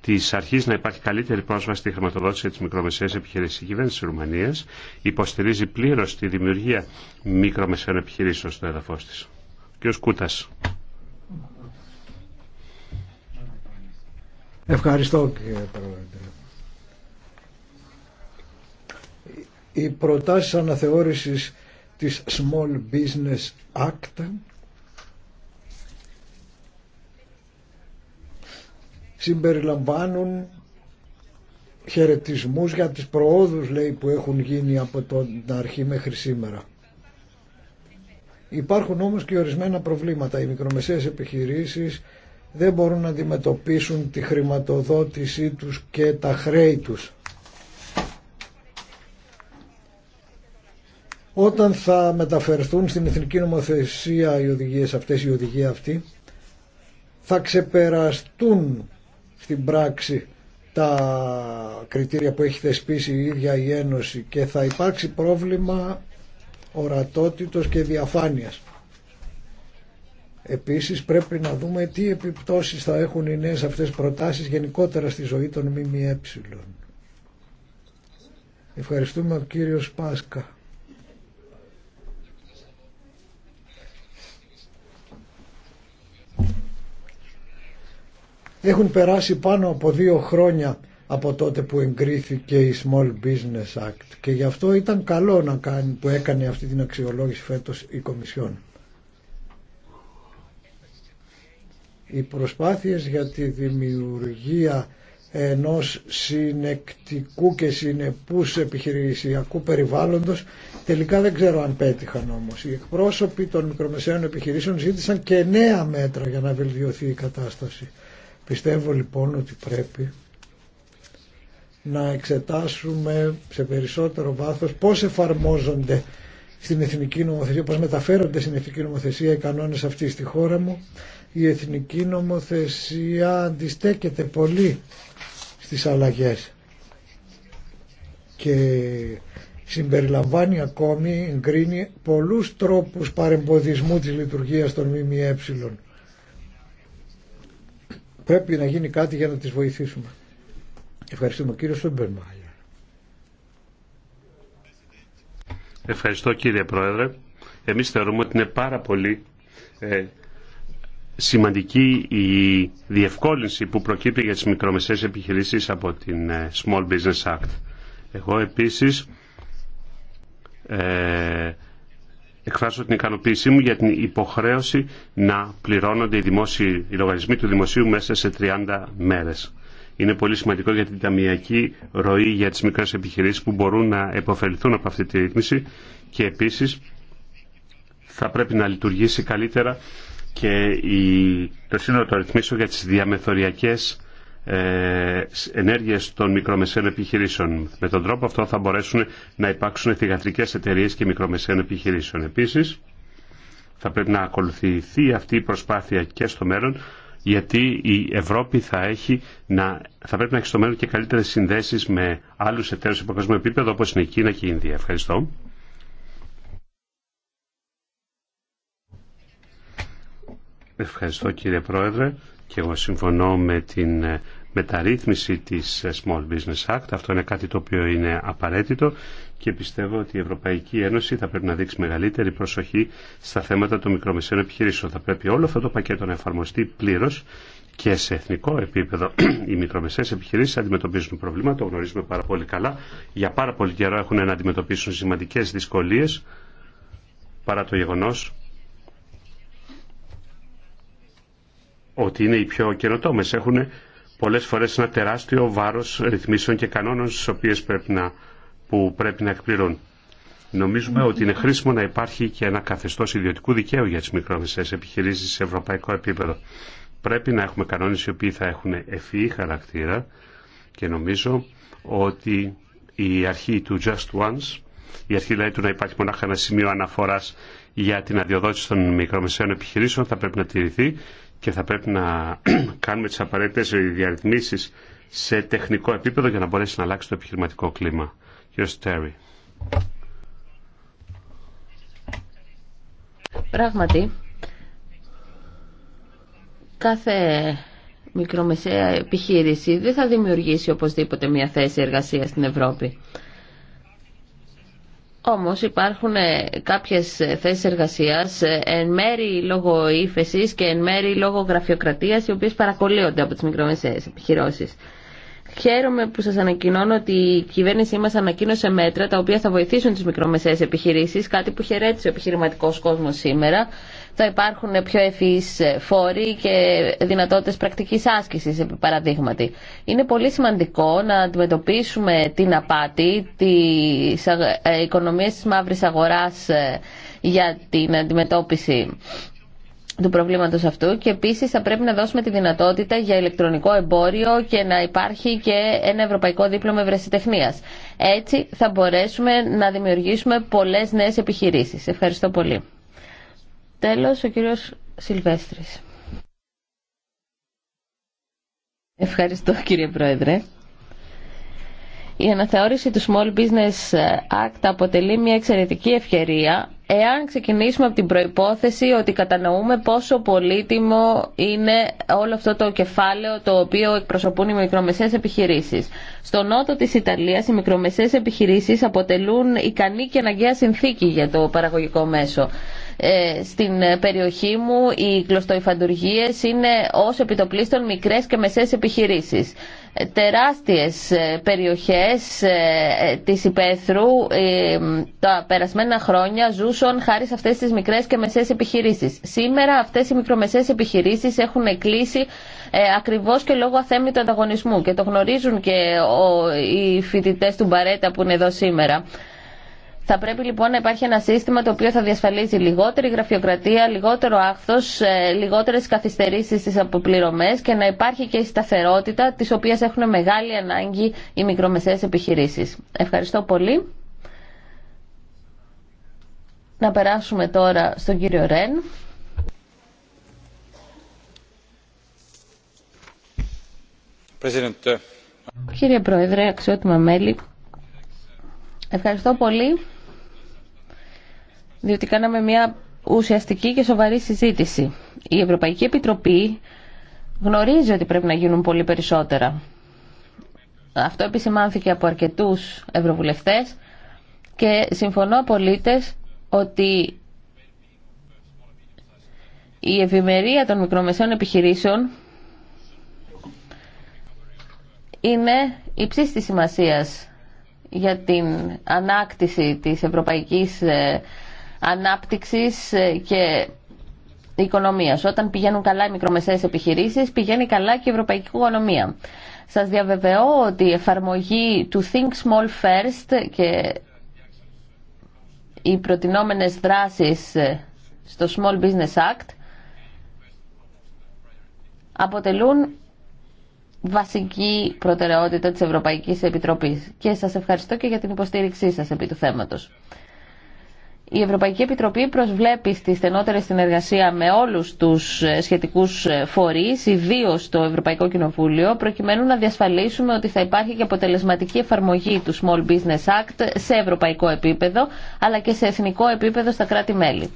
τη αρχή να υπάρχει καλύτερη πρόσβαση στη χρηματοδότηση τη μικρομεσαίας επιχειρήση. Η κυβέρνηση τη Ρουμανία υποστηρίζει πλήρω τη δημιουργία μικρομεσαίων επιχειρήσεων στο έδαφο τη. Κ. Κούτα. Ευχαριστώ κύριε Πρόεδρε. Οι προτάσεις αναθεώρησης της Small Business Act συμπεριλαμβάνουν χαιρετισμούς για τις προόδους λέει, που έχουν γίνει από την αρχή μέχρι σήμερα. Υπάρχουν όμως και ορισμένα προβλήματα. Οι μικρομεσαίες επιχειρήσεις δεν μπορούν να αντιμετωπίσουν τη χρηματοδότησή τους και τα χρέη τους. Όταν θα μεταφερθούν στην εθνική νομοθεσία οι οδηγίες αυτές, η οδηγία αυτή, θα ξεπεραστούν στην πράξη τα κριτήρια που έχει θεσπίσει η ίδια η Ένωση και θα υπάρξει πρόβλημα ορατότητος και διαφάνειας. Επίσης πρέπει να δούμε τι επιπτώσεις θα έχουν οι νέες αυτές προτάσεις γενικότερα στη ζωή των ΜΜΕ. Ευχαριστούμε ο κύριος Πάσκα. Έχουν περάσει πάνω από δύο χρόνια από τότε που εγκρίθηκε η Small Business Act και γι' αυτό ήταν καλό να κάνει, που έκανε αυτή την αξιολόγηση φέτος η Κομισιόν. Οι προσπάθειες για τη δημιουργία ενός συνεκτικού και συνεπούς επιχειρησιακού περιβάλλοντος τελικά δεν ξέρω αν πέτυχαν όμως. Οι εκπρόσωποι των μικρομεσαίων επιχειρήσεων ζήτησαν και νέα μέτρα για να βελτιωθεί η κατάσταση. Πιστεύω λοιπόν ότι πρέπει να εξετάσουμε σε περισσότερο βάθος πώς εφαρμόζονται στην εθνική νομοθεσία, πώς μεταφέρονται στην εθνική νομοθεσία οι κανόνες αυτή στη χώρα μου. Η εθνική νομοθεσία αντιστέκεται πολύ στις αλλαγές και συμπεριλαμβάνει ακόμη, εγκρίνει πολλούς τρόπους παρεμποδισμού της λειτουργίας των ΜΜΕ Πρέπει να γίνει κάτι για να τις βοηθήσουμε. Ευχαριστούμε κύριο Σόμπερμαγερ. Ευχαριστώ κύριε Πρόεδρε. Εμείς θεωρούμε ότι είναι πάρα πολύ ε, σημαντική η διευκόλυνση που προκύπτει για τις μικρομεσαίες επιχειρήσεις από την ε, Small Business Act. Εγώ επίσης ε, εκφράσω την ικανοποίησή μου για την υποχρέωση να πληρώνονται οι, δημόσιοι, οι λογαριασμοί του δημοσίου μέσα σε 30 μέρες. Είναι πολύ σημαντικό για την ταμιακή ροή για τις μικρές επιχειρήσεις που μπορούν να επωφεληθούν από αυτή τη ρύθμιση και επίσης θα πρέπει να λειτουργήσει καλύτερα και η, το σύνολο των ρυθμίσεων για τις διαμεθοριακές ε, ενέργειες των μικρομεσαίων επιχειρήσεων. Με τον τρόπο αυτό θα μπορέσουν να υπάρξουν θηγατρικές εταιρείες και μικρομεσαίων επιχειρήσεων. Επίσης, θα πρέπει να ακολουθηθεί αυτή η προσπάθεια και στο μέλλον, γιατί η Ευρώπη θα, έχει να, θα πρέπει να έχει στο μέλλον και καλύτερες συνδέσεις με άλλους εταίρους σε παγκόσμιο επίπεδο, όπως είναι η Κίνα και η Ινδία. Ευχαριστώ. Ευχαριστώ κύριε Πρόεδρε και εγώ συμφωνώ με την ε, μεταρρύθμιση της ε, Small Business Act. Αυτό είναι κάτι το οποίο είναι απαραίτητο και πιστεύω ότι η Ευρωπαϊκή Ένωση θα πρέπει να δείξει μεγαλύτερη προσοχή στα θέματα των μικρομεσαίων επιχειρήσεων. Θα πρέπει όλο αυτό το πακέτο να εφαρμοστεί πλήρω και σε εθνικό επίπεδο *clears throat* οι μικρομεσαίες επιχειρήσει αντιμετωπίζουν προβλήματα, το γνωρίζουμε πάρα πολύ καλά. Για πάρα πολύ καιρό έχουν να αντιμετωπίσουν σημαντικέ δυσκολίε παρά το γεγονό ότι είναι οι πιο καινοτόμε. Έχουν πολλές φορές ένα τεράστιο βάρος ρυθμίσεων και κανόνων στις οποίες πρέπει που πρέπει να εκπληρούν. Νομίζουμε ότι είναι χρήσιμο να υπάρχει και ένα καθεστώς ιδιωτικού δικαίου για τις μικρομεσαίες επιχειρήσεις σε ευρωπαϊκό επίπεδο. Πρέπει να έχουμε κανόνες οι οποίοι θα έχουν ευφυή χαρακτήρα και νομίζω ότι η αρχή του Just Once, η αρχή δηλαδή του να υπάρχει μονάχα ένα σημείο αναφοράς για την αδειοδότηση των μικρομεσαίων επιχειρήσεων θα πρέπει να τηρηθεί και θα πρέπει να *clears throat* κάνουμε τις απαραίτητες διαρρυθμίσεις σε τεχνικό επίπεδο για να μπορέσει να αλλάξει το επιχειρηματικό κλίμα. Κύριος Στέρι. Πράγματι, κάθε μικρομεσαία επιχείρηση δεν θα δημιουργήσει οπωσδήποτε μια θέση εργασίας στην Ευρώπη. Όμως υπάρχουν ε, κάποιες ε, θέσεις εργασίας ε, εν μέρη λόγω ύφεση και εν μέρη λόγω γραφειοκρατίας οι οποίες παρακολύονται από τις μικρομεσαίες επιχειρώσεις. Χαίρομαι που σας ανακοινώνω ότι η κυβέρνησή μας ανακοίνωσε μέτρα τα οποία θα βοηθήσουν τις μικρομεσαίες επιχειρήσεις, κάτι που χαιρέτησε ο επιχειρηματικός κόσμος σήμερα θα υπάρχουν πιο ευφυείς ε, φόροι και δυνατότητες πρακτικής άσκησης, επί παραδείγματι. Είναι πολύ σημαντικό να αντιμετωπίσουμε την απάτη, τι ε, οικονομία της μαύρης αγοράς ε, για την αντιμετώπιση του προβλήματος αυτού και επίσης θα πρέπει να δώσουμε τη δυνατότητα για ηλεκτρονικό εμπόριο και να υπάρχει και ένα ευρωπαϊκό δίπλωμα ευρεσιτεχνίας. Έτσι θα μπορέσουμε να δημιουργήσουμε πολλές νέες επιχειρήσεις. Ευχαριστώ πολύ. Τέλος, ο κύριος Σιλβέστρης. Ευχαριστώ κύριε Πρόεδρε. Η αναθεώρηση του Small Business Act αποτελεί μια εξαιρετική ευκαιρία εάν ξεκινήσουμε από την προϋπόθεση ότι κατανοούμε πόσο πολύτιμο είναι όλο αυτό το κεφάλαιο το οποίο εκπροσωπούν οι μικρομεσαίες επιχειρήσεις. Στο νότο της Ιταλίας οι μικρομεσαίες επιχειρήσεις αποτελούν ικανή και αναγκαία συνθήκη για το παραγωγικό μέσο. Ε, στην περιοχή μου οι κλωστοϊφαντουργίες είναι ως επιτοπλίστων μικρές και μεσές επιχειρήσεις ε, τεράστιες ε, περιοχές της Υπέθρου τα περασμένα χρόνια ζούσαν χάρη σε αυτές τις μικρές και μεσές επιχειρήσεις. Σήμερα αυτές οι μικρομεσές επιχειρήσεις έχουν κλείσει ακριβώς και λόγω του ανταγωνισμού και το γνωρίζουν και οι φοιτητές του Μπαρέτα που είναι εδώ σήμερα. Θα πρέπει λοιπόν να υπάρχει ένα σύστημα το οποίο θα διασφαλίζει λιγότερη γραφειοκρατία, λιγότερο άχθος, ε, λιγότερες καθυστερήσεις στις αποπληρωμές και να υπάρχει και η σταθερότητα τη οποία έχουν μεγάλη ανάγκη οι μικρομεσαίες επιχειρήσεις. Ευχαριστώ πολύ. Να περάσουμε τώρα στον κύριο Ρεν. President. Κύριε Πρόεδρε, αξιότιμα μέλη, ευχαριστώ πολύ διότι κάναμε μια ουσιαστική και σοβαρή συζήτηση. Η Ευρωπαϊκή Επιτροπή γνωρίζει ότι πρέπει να γίνουν πολύ περισσότερα. Αυτό επισημάνθηκε από αρκετούς ευρωβουλευτές και συμφωνώ πολίτες ότι η ευημερία των μικρομεσαίων επιχειρήσεων είναι υψής της σημασίας για την ανάκτηση της ευρωπαϊκής ε, ανάπτυξης ε, και οικονομίας. Όταν πηγαίνουν καλά οι μικρομεσαίες επιχειρήσεις, πηγαίνει καλά και η ευρωπαϊκή οικονομία. Σας διαβεβαιώ ότι η εφαρμογή του Think Small First και οι προτινόμενες δράσεις ε, στο Small Business Act αποτελούν βασική προτεραιότητα της Ευρωπαϊκής Επιτροπής. Και σας ευχαριστώ και για την υποστήριξή σας επί του θέματος. Η Ευρωπαϊκή Επιτροπή προσβλέπει στη στενότερη συνεργασία με όλους τους ε, σχετικούς ε, φορείς, ιδίω το Ευρωπαϊκό Κοινοβούλιο, προκειμένου να διασφαλίσουμε ότι θα υπάρχει και αποτελεσματική εφαρμογή του Small Business Act σε ευρωπαϊκό επίπεδο, αλλά και σε εθνικό επίπεδο στα κράτη-μέλη.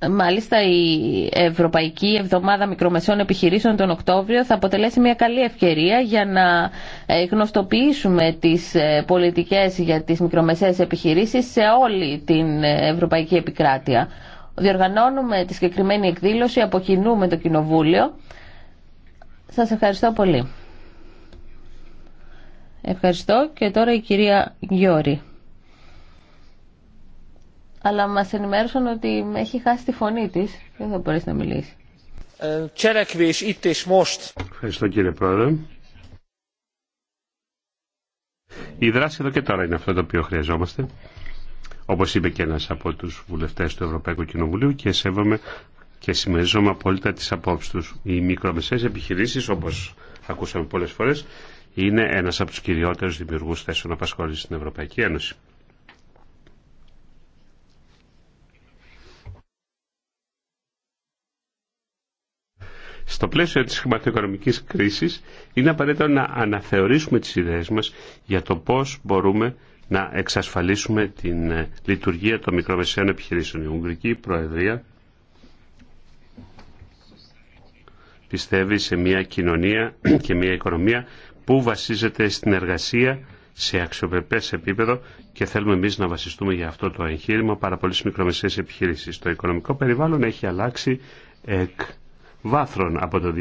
Μάλιστα η Ευρωπαϊκή Εβδομάδα Μικρομεσαίων Επιχειρήσεων τον Οκτώβριο θα αποτελέσει μια καλή ευκαιρία για να ε, γνωστοποιήσουμε τις ε, πολιτικές για τις μικρομεσαίες επιχειρήσεις σε όλη την ε, Ευρωπαϊκή Επικράτεια. Διοργανώνουμε τη συγκεκριμένη εκδήλωση, αποκοινούμε το Κοινοβούλιο. Σας ευχαριστώ πολύ. Ευχαριστώ και τώρα η κυρία Γιώρη αλλά μας ενημέρωσαν ότι έχει χάσει τη φωνή της. Δεν θα μπορέσει να μιλήσει. Ε, Ευχαριστώ κύριε Πρόεδρε. Η δράση εδώ και τώρα είναι αυτό το οποίο χρειαζόμαστε. Όπως είπε και ένας από τους βουλευτές του Ευρωπαϊκού Κοινοβουλίου και σέβομαι και συμμερίζομαι απόλυτα τις απόψεις τους. Οι μικρομεσαίες επιχειρήσεις, όπως ακούσαμε πολλές φορές, είναι ένας από τους κυριότερους δημιουργούς θέσεων απασχόλησης στην Ευρωπαϊκή Ένωση. Στο πλαίσιο της χρηματοοικονομικής κρίσης είναι απαραίτητο να αναθεωρήσουμε τις ιδέες μας για το πώς μπορούμε να εξασφαλίσουμε την ε, λειτουργία των μικρομεσαίων επιχειρήσεων. Η Ουγγρική Προεδρία πιστεύει σε μια κοινωνία *clears throat* και μια οικονομία που βασίζεται στην εργασία σε αξιοπρεπές επίπεδο και θέλουμε εμείς να βασιστούμε για αυτό το εγχείρημα πάρα πολλές μικρομεσαίες επιχειρήσεις. Το οικονομικό περιβάλλον έχει αλλάξει εκ βάθρων από το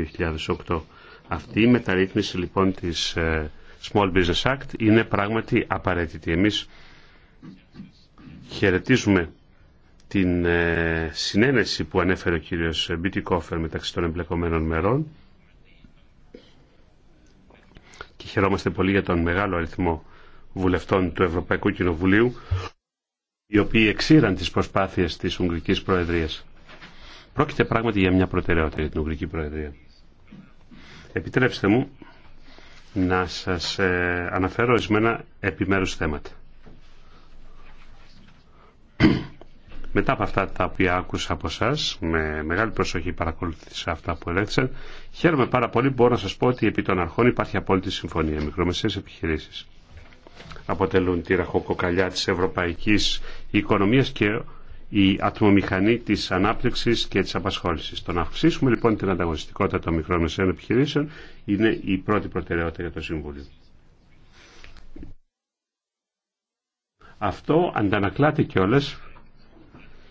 2008. Αυτή η μεταρρύθμιση λοιπόν της ε, Small Business Act είναι πράγματι απαραίτητη. Εμείς χαιρετίζουμε την ε, συνένεση που ανέφερε ο κύριος Κόφερ μεταξύ των εμπλεκομένων μερών και χαιρόμαστε πολύ για τον μεγάλο αριθμό βουλευτών του Ευρωπαϊκού Κοινοβουλίου οι οποίοι εξήραν τις προσπάθειες της Ουγγρικής Προεδρίας. Πρόκειται πράγματι για μια προτεραιότητα για την Ουγγρική Προεδρία. Επιτρέψτε μου να σας ε, αναφέρω ορισμένα επιμέρους θέματα. *clears throat* Μετά από αυτά τα οποία άκουσα από εσά, με μεγάλη προσοχή παρακολούθησα αυτά που ελέγξαν, χαίρομαι πάρα πολύ που μπορώ να σας πω ότι επί των αρχών υπάρχει απόλυτη συμφωνία. Μικρομεσαίες επιχειρήσεις αποτελούν τη ραχοκοκαλιά της ευρωπαϊκής οικονομίας και η ατμομηχανή της ανάπτυξη και της απασχόλησης. Το να αυξήσουμε λοιπόν την ανταγωνιστικότητα των μικρών επιχειρήσεων είναι η πρώτη προτεραιότητα για το Συμβούλιο. Αυτό αντανακλάται και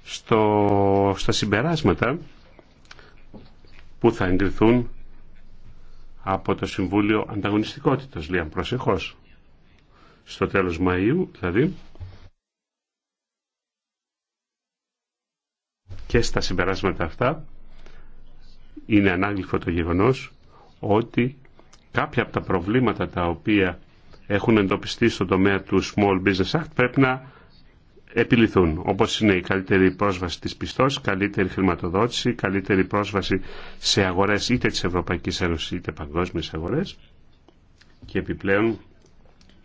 στο, στα συμπεράσματα που θα εγκριθούν από το Συμβούλιο Ανταγωνιστικότητας, λέει, προσεχώς. Στο τέλος Μαΐου, δηλαδή, και στα συμπεράσματα αυτά είναι ανάγλυφο το γεγονός ότι κάποια από τα προβλήματα τα οποία έχουν εντοπιστεί στον τομέα του Small Business Act πρέπει να επιληθούν, όπως είναι η καλύτερη πρόσβαση της πιστός, καλύτερη χρηματοδότηση, καλύτερη πρόσβαση σε αγορές είτε της Ευρωπαϊκής Ένωσης είτε παγκόσμιες αγορές και επιπλέον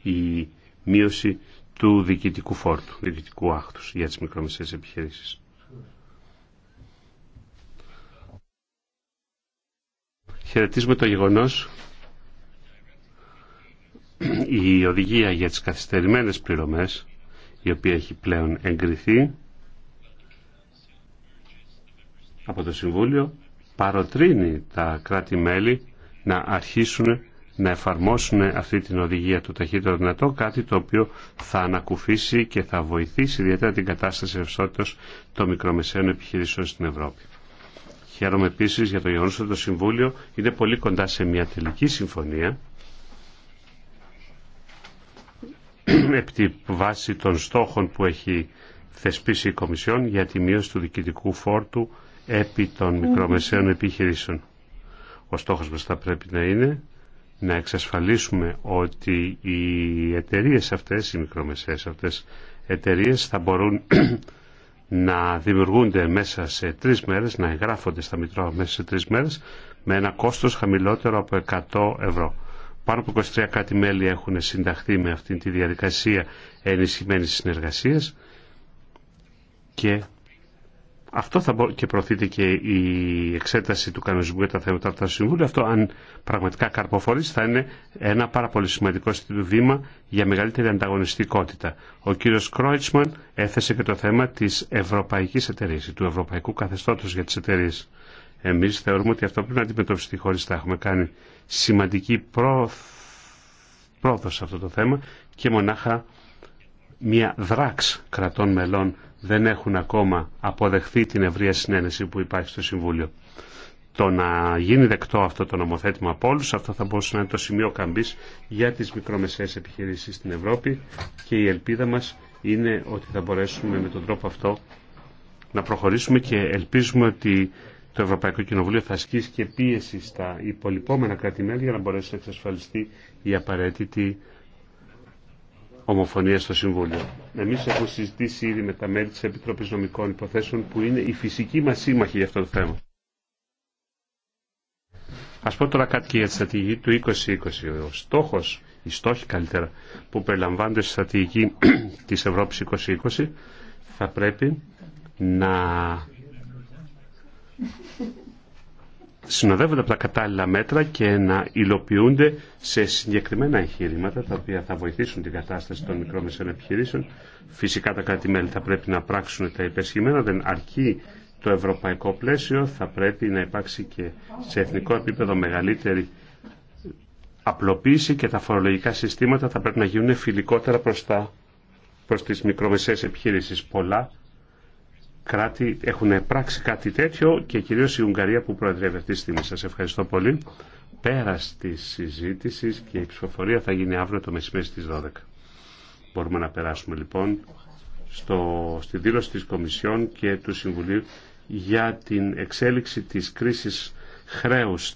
η μείωση του διοικητικού φόρτου, διοικητικού άκτους για τις μικρομεσαίες επιχειρήσεις. Χαιρετίζουμε το γεγονός *clears throat* η οδηγία για τις καθυστερημένες πληρωμές η οποία έχει πλέον εγκριθεί από το Συμβούλιο παροτρύνει τα κράτη-μέλη να αρχίσουν να εφαρμόσουν αυτή την οδηγία του ταχύτερο δυνατό, κάτι το οποίο θα ανακουφίσει και θα βοηθήσει ιδιαίτερα την κατάσταση ευσότητας των μικρομεσαίων επιχειρήσεων στην Ευρώπη. Χαίρομαι επίσης για το γεγονός ότι το Συμβούλιο είναι πολύ κοντά σε μια τελική συμφωνία *clears throat* επί τη βάση των στόχων που έχει θεσπίσει η Κομισιόν για τη μείωση του διοικητικού φόρτου επί των μικρομεσαίων επιχειρήσεων. Ο στόχος μας θα πρέπει να είναι να εξασφαλίσουμε ότι οι εταιρείες αυτές, οι μικρομεσαίες εταιρείες θα μπορούν να δημιουργούνται μέσα σε τρει μέρε, να εγγράφονται στα Μητρώα μέσα σε τρεις μέρες με ένα κόστο χαμηλότερο από 100 ευρώ. Πάνω από 23 κάτι μέλη έχουν συνταχθεί με αυτή τη διαδικασία ενισχυμένη συνεργασία και αυτό θα μπορεί και προωθείται και η εξέταση του κανονισμού για τα θέματα αυτά στο Συμβούλιο. Αυτό, αν πραγματικά καρποφορήσει, θα είναι ένα πάρα πολύ σημαντικό βήμα για μεγαλύτερη ανταγωνιστικότητα. Ο κύριος Κρόιτσμαν έθεσε και το θέμα της ευρωπαϊκής εταιρείας, του ευρωπαϊκού Καθεστώτο για τι εταιρείε. Εμεί θεωρούμε ότι αυτό πρέπει να αντιμετωπιστεί να Έχουμε κάνει σημαντική πρόοδο σε αυτό το θέμα και μονάχα μια δράξη κρατών μελών δεν έχουν ακόμα αποδεχθεί την ευρεία συνένεση που υπάρχει στο Συμβούλιο. Το να γίνει δεκτό αυτό το νομοθέτημα από όλου, αυτό θα μπορούσε να είναι το σημείο καμπή για τι μικρομεσαίε επιχειρήσει στην Ευρώπη και η ελπίδα μα είναι ότι θα μπορέσουμε με τον τρόπο αυτό να προχωρήσουμε και ελπίζουμε ότι το Ευρωπαϊκό Κοινοβούλιο θα ασκήσει και πίεση στα υπολοιπόμενα κράτη-μέλη για να μπορέσει να εξασφαλιστεί η απαραίτητη ομοφωνία στο Συμβούλιο. Εμείς έχουμε συζητήσει ήδη με τα μέλη τη Επιτροπής Νομικών Υποθέσεων που είναι η φυσική μα σύμμαχη για αυτό το θέμα. Α πω τώρα κάτι και για τη στρατηγική του 2020. Ο στόχος, η στόχη καλύτερα, που περιλαμβάνεται στη στρατηγική *clears throat* της Ευρώπης 2020 θα πρέπει να συνοδεύονται από τα κατάλληλα μέτρα και να υλοποιούνται σε συγκεκριμένα εγχειρήματα τα οποία θα βοηθήσουν την κατάσταση των μικρόμεσών επιχειρήσεων. Φυσικά τα κράτη-μέλη θα πρέπει να πράξουν τα υπεσχημένα, δεν αρκεί το ευρωπαϊκό πλαίσιο, θα πρέπει να υπάρξει και σε εθνικό επίπεδο μεγαλύτερη απλοποίηση και τα φορολογικά συστήματα θα πρέπει να γίνουν φιλικότερα προς, τα, προς τις μικρομεσαίες επιχείρησεις. Πολλά κράτη έχουν πράξει κάτι τέτοιο και κυρίως η Ουγγαρία που προεδρεύει αυτή τη στιγμή. Σας ευχαριστώ πολύ. Πέρα τη συζήτηση και η ψηφοφορία θα γίνει αύριο το μεσημέρι στις 12. Μπορούμε να περάσουμε λοιπόν στο, στη δήλωση της Κομισιόν και του Συμβουλίου για την εξέλιξη της κρίσης χρέους